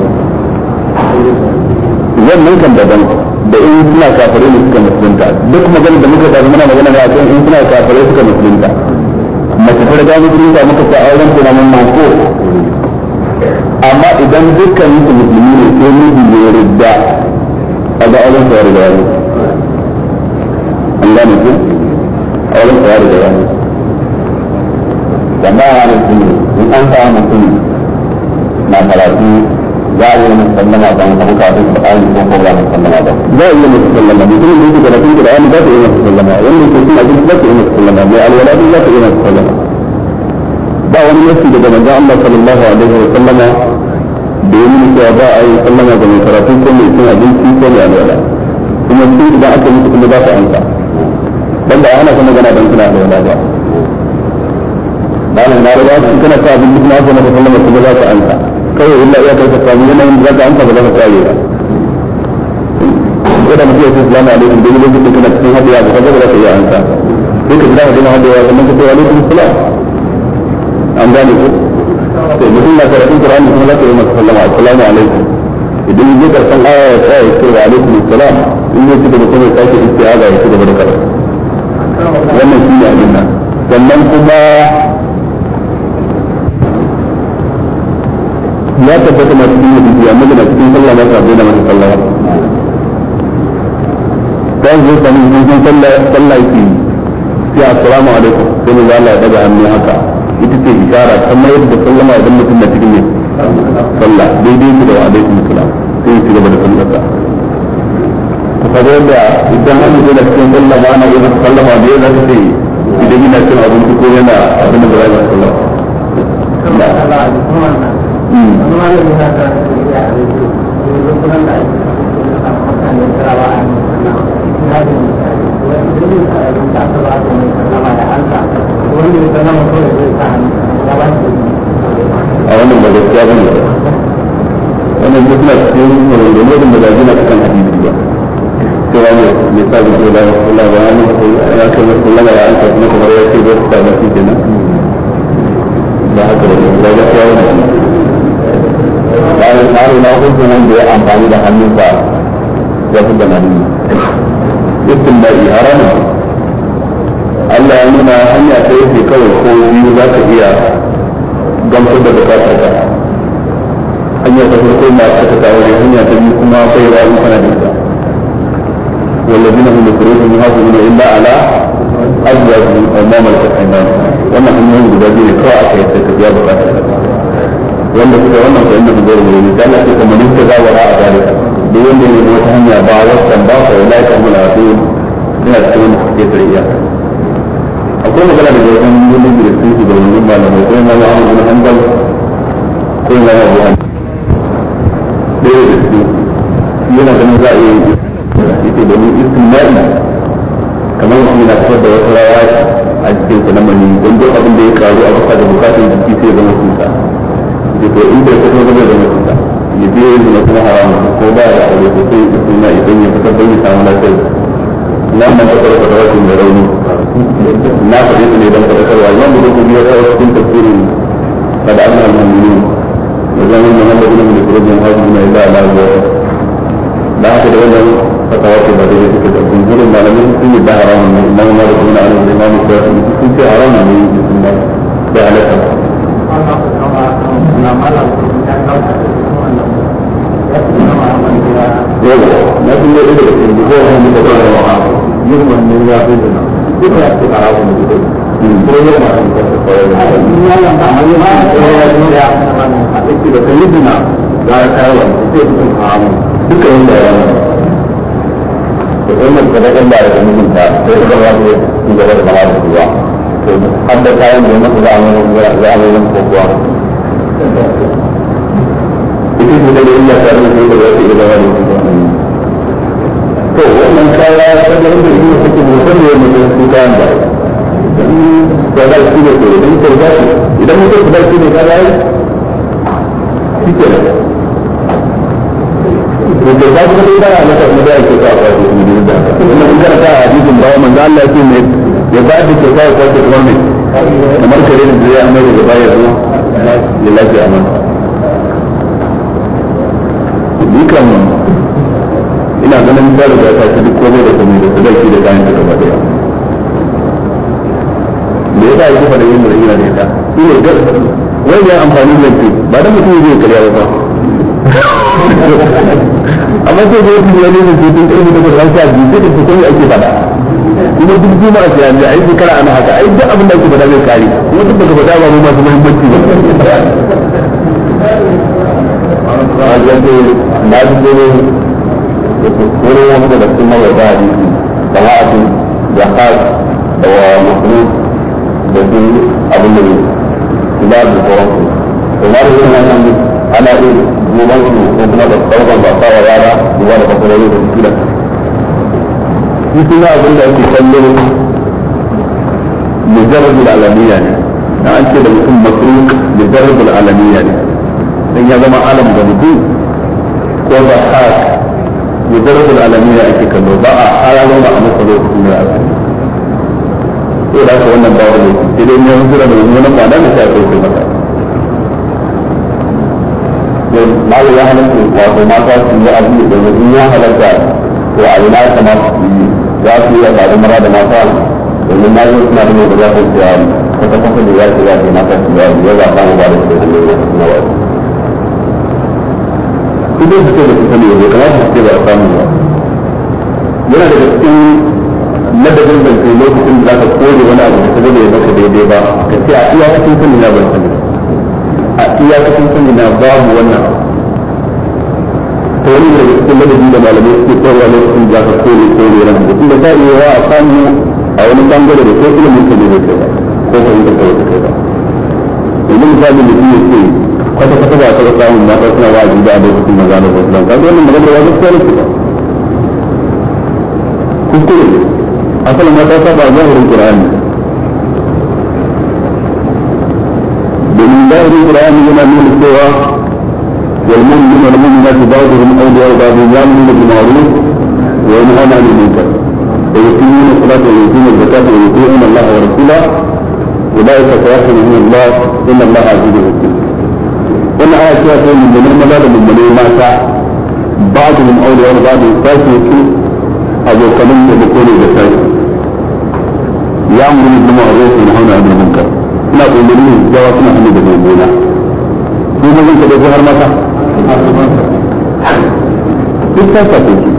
wannan kan daban da in suna kafare ne suka musulunta duk magana da muka tafi muna magana ne a kan in suna kafare suka musulunta mace ta riga mutum ta mata ta auren ta zaman mako amma idan dukkan su musulmi ne ko miji ne rida a ga auren ta riga ne an gane ku auren ta riga ne jama'a ne su ne in an sa mutum na talatin za a yi wani sallama ba mu tabuka a cikin ba'ani ko ko ba mu sallama ba za a yi wani sallama mutum ne su ga na kuma da wani za su yi wani sallama wani mutum na jin za su yi wani sallama mai alwala za su yi wani sallama wani nasi daga manzon Allah sallallahu alaihi wa sallama da ya nuna cewa ba a yi sallama ga mai karatu ko mai cin abinci ko mai alwala kuma sai idan aka mutu kuma za su amsa banda ana kuma magana don suna alwala ba ba na riga su kana ta abin duk na ko na sallama kuma za su amsa kawai illa iya kai ka samu yanayin da za ka amsa ba za ka tsare ba ko da mutum ya ce salamu alaikum dai lokacin da kana cikin hadiya ba ka ga za ka iya amsa sai ka ji za ka gina hadiya ka ce alaikum salam an gane ku sai mutum na karatun Qur'ani kuma za ka yi masa sallama assalamu alaikum idan ya karsan aya ya tsaya ya ce wa alaikum assalam in ci gaba kuma ya sake istiaza ya ci gaba da karatu wannan shi ne abin nan sannan kuma ya tabbata cikin cikin sallah masa dan zai sami sallah sallah yake sai assalamu alaikum sai mu ya daga hannu haka suke ishara kamar yadda sallama idan mutum na cikin ne sallah daidai shi da wa alaikum salam sai ya ci gaba da sallarsa saboda idan an mutu da cikin sallah ba na yin sallama da yadda ce idan yana cin abinci ko yana abin da ba za a sallama Thank a wannan ba gaskiya bane ba wannan duk na cikin maganganun da gaji na cikin hadisi ba cewa ne mai sa zuwa da Allah ba ne ya kai wasu lama ya alka kuma kamar ya ce ba su samu shi kenan ba haka ba ba gaskiya bane ba ya tsaro na hukunan da ya amfani da hannunsa ya fi da mahimmanci ba yi haramun Allah ya nuna hanya ta yake kawai ko biyu za ka iya gamsar da bukatar ka hanya ta farko ma ta ta kawo ne hanya ta biyu kuma sai ya yi kana dinka والذين هم لفروجهم يحافظون الا على ازواجهم او ما ملكت ايمانهم wannan hanyoyin guda biyu ne kawai aka yi ta ka biya bukatar ka wanda suka wannan fa innahu ghayru mu'min kana ce kamar ta za a ra'a dalika da wanda ya wata hanya ba wasan ba ko la ka mula su suna cikin wanda suke akwai magana da wajen yin da su da wani malamai ko na lamu na hanbal ko na lamu an ɗaya da su yana ganin za a yi yake domin istimai kamar mutum yana fitar da wata rawa a cikin sa na mani don duk abin da ya karu a baka da jiki sai ya zama tuta. Ko in bai fito zama zama tuta. ya biyo yin zina kuma haramun ko ba da aure ko sai ya suna idan ya fitar da ya samu lafiya na ma ta karfa da rashin da rauni na faɗi su ne don faɗakarwa duk biyar da tafsirin da da haka da wannan fatawa ba daidai take da malamin sun yi da haramun ne imam Malik ibn Anas da imam Shafi'i sun ce haramun ne da ဟုတ်ကဲ့မတူတဲ့ဒီလိုဟောနေတော့ဟာဒီမှာနေရပြည်နော်ဒီကတည်းကအားလုံးဒီလိုပြောရမှာပေါ်လာတယ်ဒီမှာကမယုံဘူးပြောရလို့ရမှာမဖြစ်ဘူးဒီလိုနေနော်ဒါအဲလိုဖြစ်နေတာဒီကိန်းတယ်ဒီကိန်းကတည်းကလည်းဒီလိုပါဒီလိုပါဒီလိုပါဒီလိုပါအဲ့ဒါကလည်းဘယ်မှာလဲဘယ်လိုလဲဘယ်လိုလဲ cikin su daga illa ta da su da za su iya da to wannan kaya ta da inda su suke musamman mutum su kayan ba da za su ne ko idan ka za su idan mutum su za su ne ka za su shi ke nan da za su ne kana mata mu da ke kawo kwato su ne da kuma in kana ta hadisin bawa manzo Allah ya ce ne ya ba da ke kawo kwato kuma ne kamar kare da ya mai da baya zuwa lillahi amana kan ina ganin ta riga ta ci duk komai da komai da sadaki da kayan ta gaba daya me yasa yake fara yin murin da ita shi ne wai ya amfani da ce ba da mutum zai karya ba amma sai da yake yana da ce tun karfi da karfi ta biyu da ta komai ake fada kuma duk juma a siya ne a yi ana haka ai duk abin da ake fada zai kare kuma duk da fada ba mu masu muhimmanci ba na ji dole wurin wani daga cikin mawaita hadisi da ma'atu da khas da wa mahmud da su abin da ne su da sauransu to na da yin wannan ana iya goban su ko kuma da ɗaukan gasa wa yara duba da fasarori da su da su suna abin da ake kallon da alamiya ne da an ce da mutum masruk mujarrabul alamiya ne dan ya zama alam da mutum ko ba ha mujarrabul alamin da ake kallo ba a hararo ba a masa lokaci ne a ko da ka wannan ba wani sai dai mun jira da mun ba da ta ko sai maka dan mal ya halatta wato mata su yi abin da in ya halatta to a ina kamata su yi za su yi a tare mara da mata domin na yi suna da mai da za su yi kwata-kwata da ya ce za su yi mata su yi ya za samu ba da su da hannun wasu na wasu su ne da su sani ce ba a samu ba yana cikin lokacin da za kore wani abu da ya maka daidai ba ka ce a iya cikin sani na ban sani a iya cikin sani na wannan wani cikin da malamai suke kowa lokacin da kore kore tunda ta iya wa a samu a wani bangare da ko ilimin ka ne ba ko fahimtar ka kai ba ya kwata kwata ba ka samun mata suna wa'azi da lokacin maza da wasu dan kaga wannan magana ya gaskiya ne kika kuskure ne asalin mata ta ba zahirin qur'ani domin zahirin qur'ani yana nuna cewa والمؤمنون والمؤمنات بعضهم أولياء بعض يأمرون بالمعروف وينهون عن المنكر ويقيمون الصلاة ويؤتون الزكاة ويطيعون الله ورسوله أولئك سيرحمهم الله إن الله عزيز حكيم wannan aya cewa sai mummunai maza da mummunai mata ba da mun aure wani ba da sashi su abokanin da ko ne da sai ya mun kuma ibn ma'ruf bin hauna ibn munkar ina mun umarni jawa suna hannu da mun mummuna ko mun ka da har mata duk ta sashi su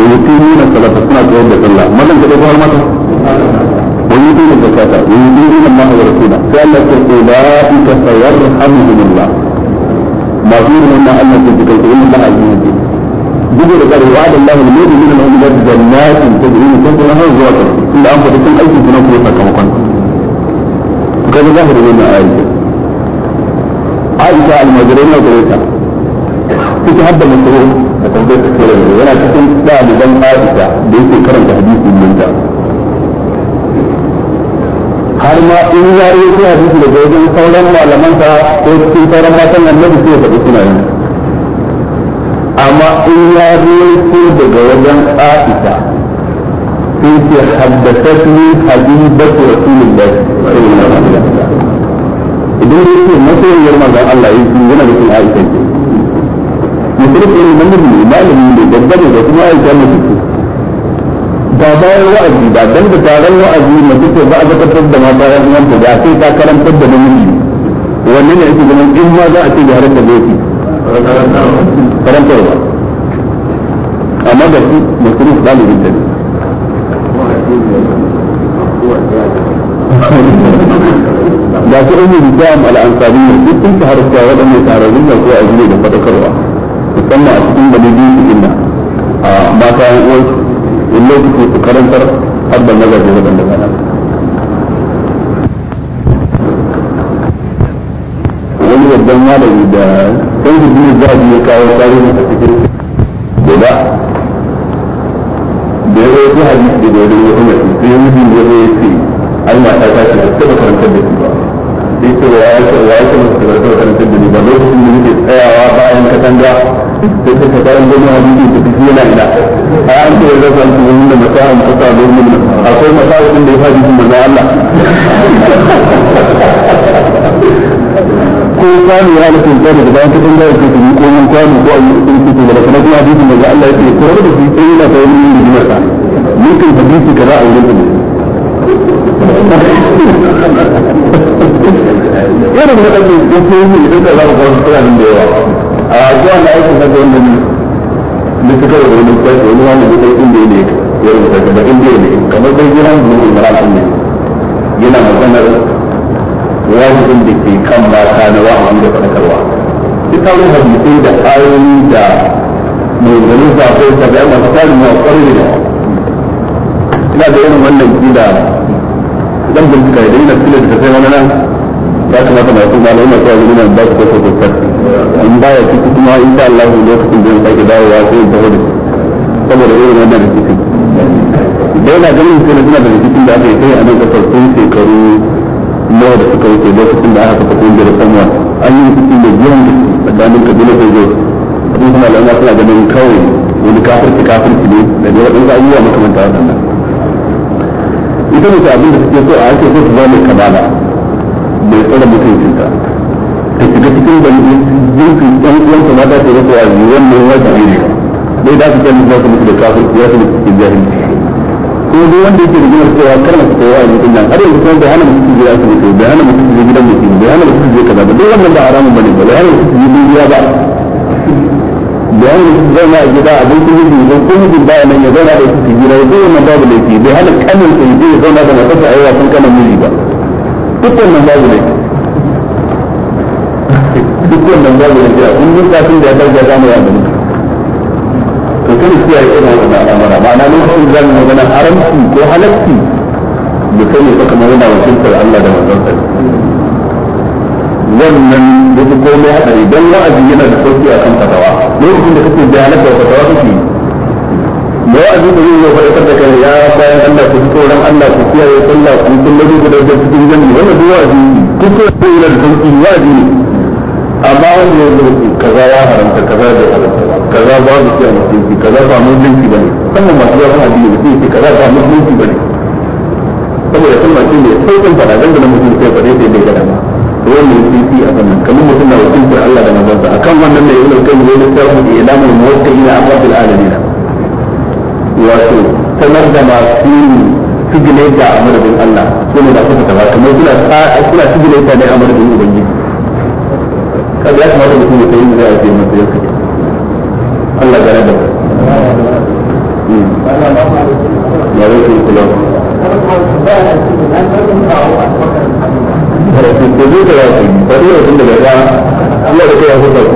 ko mutum na salata suna tsayar da sallah mallan ka da har mata ويؤمن الزكاة ويؤمن الله ورسوله قال لك أولئك سيرحمهم الله ما فيهم أن الله تبكي إن الله عزيز الدين جبر قال وعد الله المؤمنين المؤمنات جنات تجري من تحتها الأنهار إلا أن تكون أي سنة كما كما كما ظاهر من آية عائشة المجرمين وقريتها تتحدى المسؤول أتنبيه تكفير yana cikin ɗaliban Aisha da yake karanta hadisi mun har ma in ya yi ko hadisi da wajen sauran malamanta ko cikin sauran matan annabi sai da suna yi amma in ya yi ko daga wajen Aisha sai ce haddathatni ni rasulillah da alaihi wasallam idan ya ce yarma ga Allah ya yi yana da Aisha ce mutum ne malami malami ne da ne da kuma Aisha mutum ba bayan wa'azi ba dan da taron wa'azi na duka ba a zakatar da mata ya kuma da sai ta karantar da namiji wannan ne ake ganin in ma za a ce da harkar laifi karantarwa amma da su musulun ba ne da da su ɗan yin jam al'ansari ne duk sun ta harfa waɗannan tararrun da kuwa a da fadakarwa musamman a cikin da na biyu cikin nan mata in lokaci su karantar har da mazaje waɗanda kana wani babban malami da kan su biyu za ya kawo tarihi a cikin gobe da ya zai hadisi da gobe ya kuma ce sai mijin ya zai ce ta tashi da taɓa karantar da shi ba sai ce wa ya ce wa ya ce masu karantar da ni ba lokacin da nake tsayawa bayan katanga sai sai ka karan gani a bidiyo ka tafi na ina a an ce ya zama su wani da mata a mata da wani akwai mata da ya faɗi sun maza Allah ko kwano ya halatta ya da bayan ta ɗan gaya kuma ko yin kwano ko a yi ɗin kuka da kuma kuma hadisin maza Allah ya ce ko rabu da su sai yana ta wani yin rigimar sa mutum hadisi ka za a wurin su yi idan ka za ka kwasu suna da yawa a zuwa na aikin da wanda ne na suka da wani da wani wanda da kai inda ne ya rubuta ka inda ne kamar dai jiran mu ne mara ne yana maganar wajibin da ke kan mata na wa'azi da fadakarwa duk kawai hadisai da ayoyi da mai zanen zafai da bayan masu tarin mawa kwarai da ina da irin wannan kila dan bincika idan ina cikin da ta wani nan ya kamata masu malamai masu wajen nan ba su kwaso an baya ciki kuma in sha Allah lokacin da sake dawowa sai in tafi saboda irin wannan rikicin dai na ganin sai suna da rikicin da aka yi sai a nan kasar sun shekaru nawa da suka wuce lokacin da aka kafa kungiyar samuwa an yi rikicin da biyan tsakanin kabilar da zai abin kuma al'amma suna ganin kawai wani kafirci kafirci ne da dai waɗansu abubuwa makamanta waɗannan ita mace abin da suke so a ake so su zama kamala mai tsara mutuncinta ka shiga cikin banki ɗan uwanka ma za ta yi wata wa'azi wannan wajibi ne dai da su kai musu wasu mutu da kafin ya su mutu cikin jahilci ko dai wanda yake da cewa kar masu kowa a jikin nan har yanzu kuma bai hana mutum je asibiti bai hana mutum je gidan mutum bai hana mutum je kaza ba duk wannan ba haramun bane ba bai hana mutum je dubiya ba bai hana mutum zauna a gida abin kun yi dubiya kun yi ba nan ya zauna a cikin gida ya zauna babu laifi bai hana kanin sai ya zauna da matarsa a yawa sun kanan miji ba duk wannan babu laifi duk wannan babu ya jira kun yin kafin da ya daga zamu ya gani to kada shi ya yi irin wannan al'amura ma'ana lokacin zamu magana haramci ko halacci da kai ne fa yana wakiltar Allah da manzon sa wannan da duk komai hadari dan wa'azi yana da sauki akan fatawa lokacin da kake bayanar da fatawa kake da wa'azi da zai zo faɗakar da kai ya bayan Allah ku fito ran Allah ku kiyaye sallah ku kullaje guda da cikin jami'i wannan duk wa'azi duk sai yana da sauki wa'azi ne amma wani ya zo ki kaza ya haramta kaza bai haramta ba kaza ba su ya mutunci kaza ba mutunci bane sannan masu yawan addini da sai kaza ba mutunci bane saboda sun mace ne sai kan fada dan da mutum sai dai sai bai gada ba wannan sisi a sannan kamar mutum na wakiltar Allah da manzansa akan wannan ne yana kai ne da sai mu ilamu muwakkilina abdul alamin wato sanar da masu sigile da amarin Allah su ne da suka kaza kamar suna suna sigile ta ne amarin ubangiji kaga ya kamata mutum ya sayi da ake masa yau kake Allah gare hmm. da ba zai kula da zai da yaki ba zai yau da ga Allah da kai ya hutar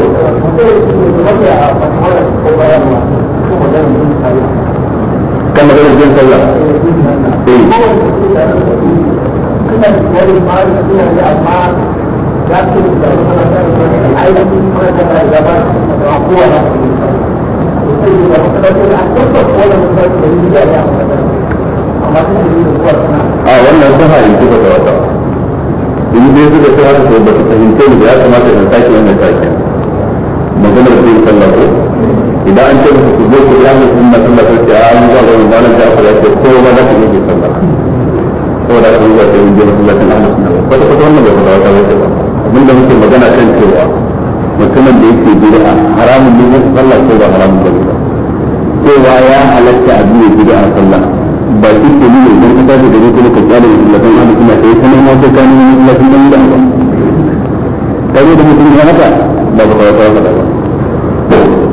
kan maganar jin sallah eh a wannan sun ta wata in dai suka ba su fahimce ni ya kamata in sake wannan sake maganar idan an ce musu zo ku ya musu na an zuwa da aka ko za yi ko da na wannan ba ta wata ba abinda muke magana kan cewa mutumin da yake bid'a haramun ne ya sallah ko ba haramun ba ko ba ya halatta a biyu bid'a sallah ba shi ke nuna idan ka tashi gare ka ka kyale masallatan ahlu sunna sai ka nemo sai ka nemo masallatan bid'a ba kare da mutum ya haka ba ba fara fara ba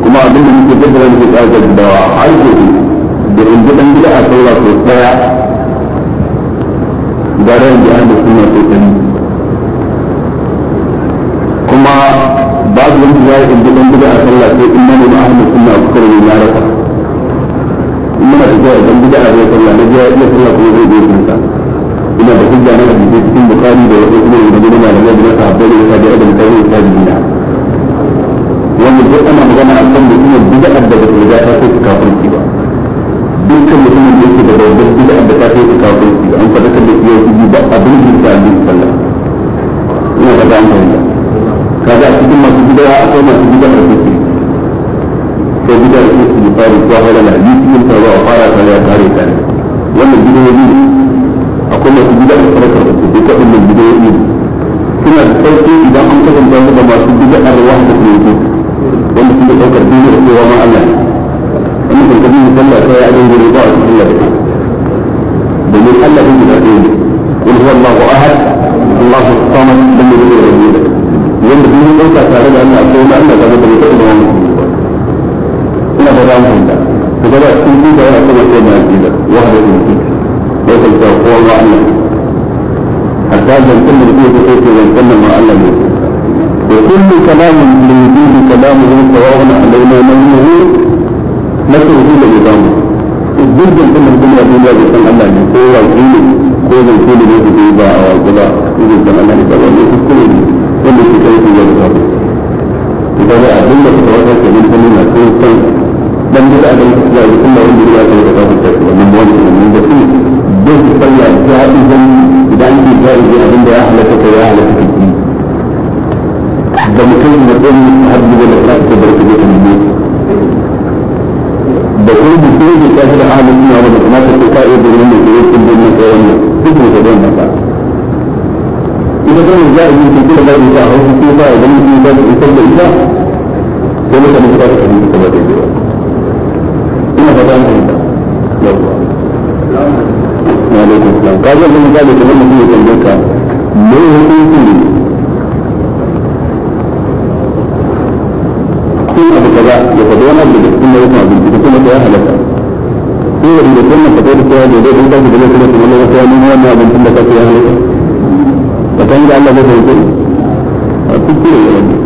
kuma abin da muke jaddada muke tsaya da dawa aiki da in ji dan bid'a sallah ko tsaya da ran da ahlu sunna sai ya yi inda dan a sallah sai in mani ma ahmad sunna a kusa da mai yarasa in muna tafiya dan bida a zai sallah na biya iya sallah kuma zai zai sunsa ina da hujja na hadisi cikin bukari da wasu kuma da gudun malamai da na sahabbai da ya da mutane da tabi'ina wanda duk ana magana a kan mutumin bida'ar da ba ta riga ta kai su kafirci ba dukkan mutumin da yake da babbar bida'ar da ta kai su kafirci an faɗa kan da iya su ba abin da ta sallah ina da ta hanyar kaga cikin masu gida akwai masu gida da kuke ko gida da kuke misali ko hawala na biyu cikin taro a fara tare a tare tare wannan gidoji akwai masu gida da farkar da kuke ko wannan gidoji suna da sauki idan an kasanta su da masu gida a ruwa da kuke wanda suke ɗaukar duniya da cewa ma Allah ne wannan kan kabi sallah sai ya ajin gure ba a cikin Allah domin Allah ne guda ɗaya ne قل هو الله أحد الله الصمد لم يلد ولم shirka tare da Allah ko na Allah gaba da mutum da wani ina da ran hinda to da cikin duka yana kuma sai na gida wanda yake da yake da kowa wa Allah hatta dan kun da yake da yake da kullum ma Allah ne to kullu kalamin li yudi kalamuhu sawa'un alayna man yuhu nasruhu la yudamu duk da kun duniya duniya da san Allah ne ko wa ko zan ko da yake ba a wa ba ko Allah ne ba wani kuskure ne wanda ke kai su yau da to da ga abin da kuma wata ke nuna ko san dan da adam su ya yi kuma wanda ya kai da kafin ta kuma nan wanda ne mun da su duk su falla ya yi idan ki ga idan abin da ya halaka ka ya halaka ki da mutum da ɗan haddu da lafiya da barka da kuma da kuma da da kafin da ahalin suna da kuma ta ka iya ke yi wannan duk da ba maganar za a yi ta kira gari ta hausa ko ba a gani ta da isar da ita ko mutane ba su fahimta kamar da yawa ina fata an fahimta na alaikum salam ka zai zama mutum ya tambaye ta me hukunci ne sun abu kaza ya faɗi wani abu da cikin nau'in abinci da kuma ya halatta ko wanda kuma ka faɗi cewa da zai zama da zai kuma kuma ya nuna wani abincin da ka ya ta. گے اللہ کو اور کچھ نہیں گے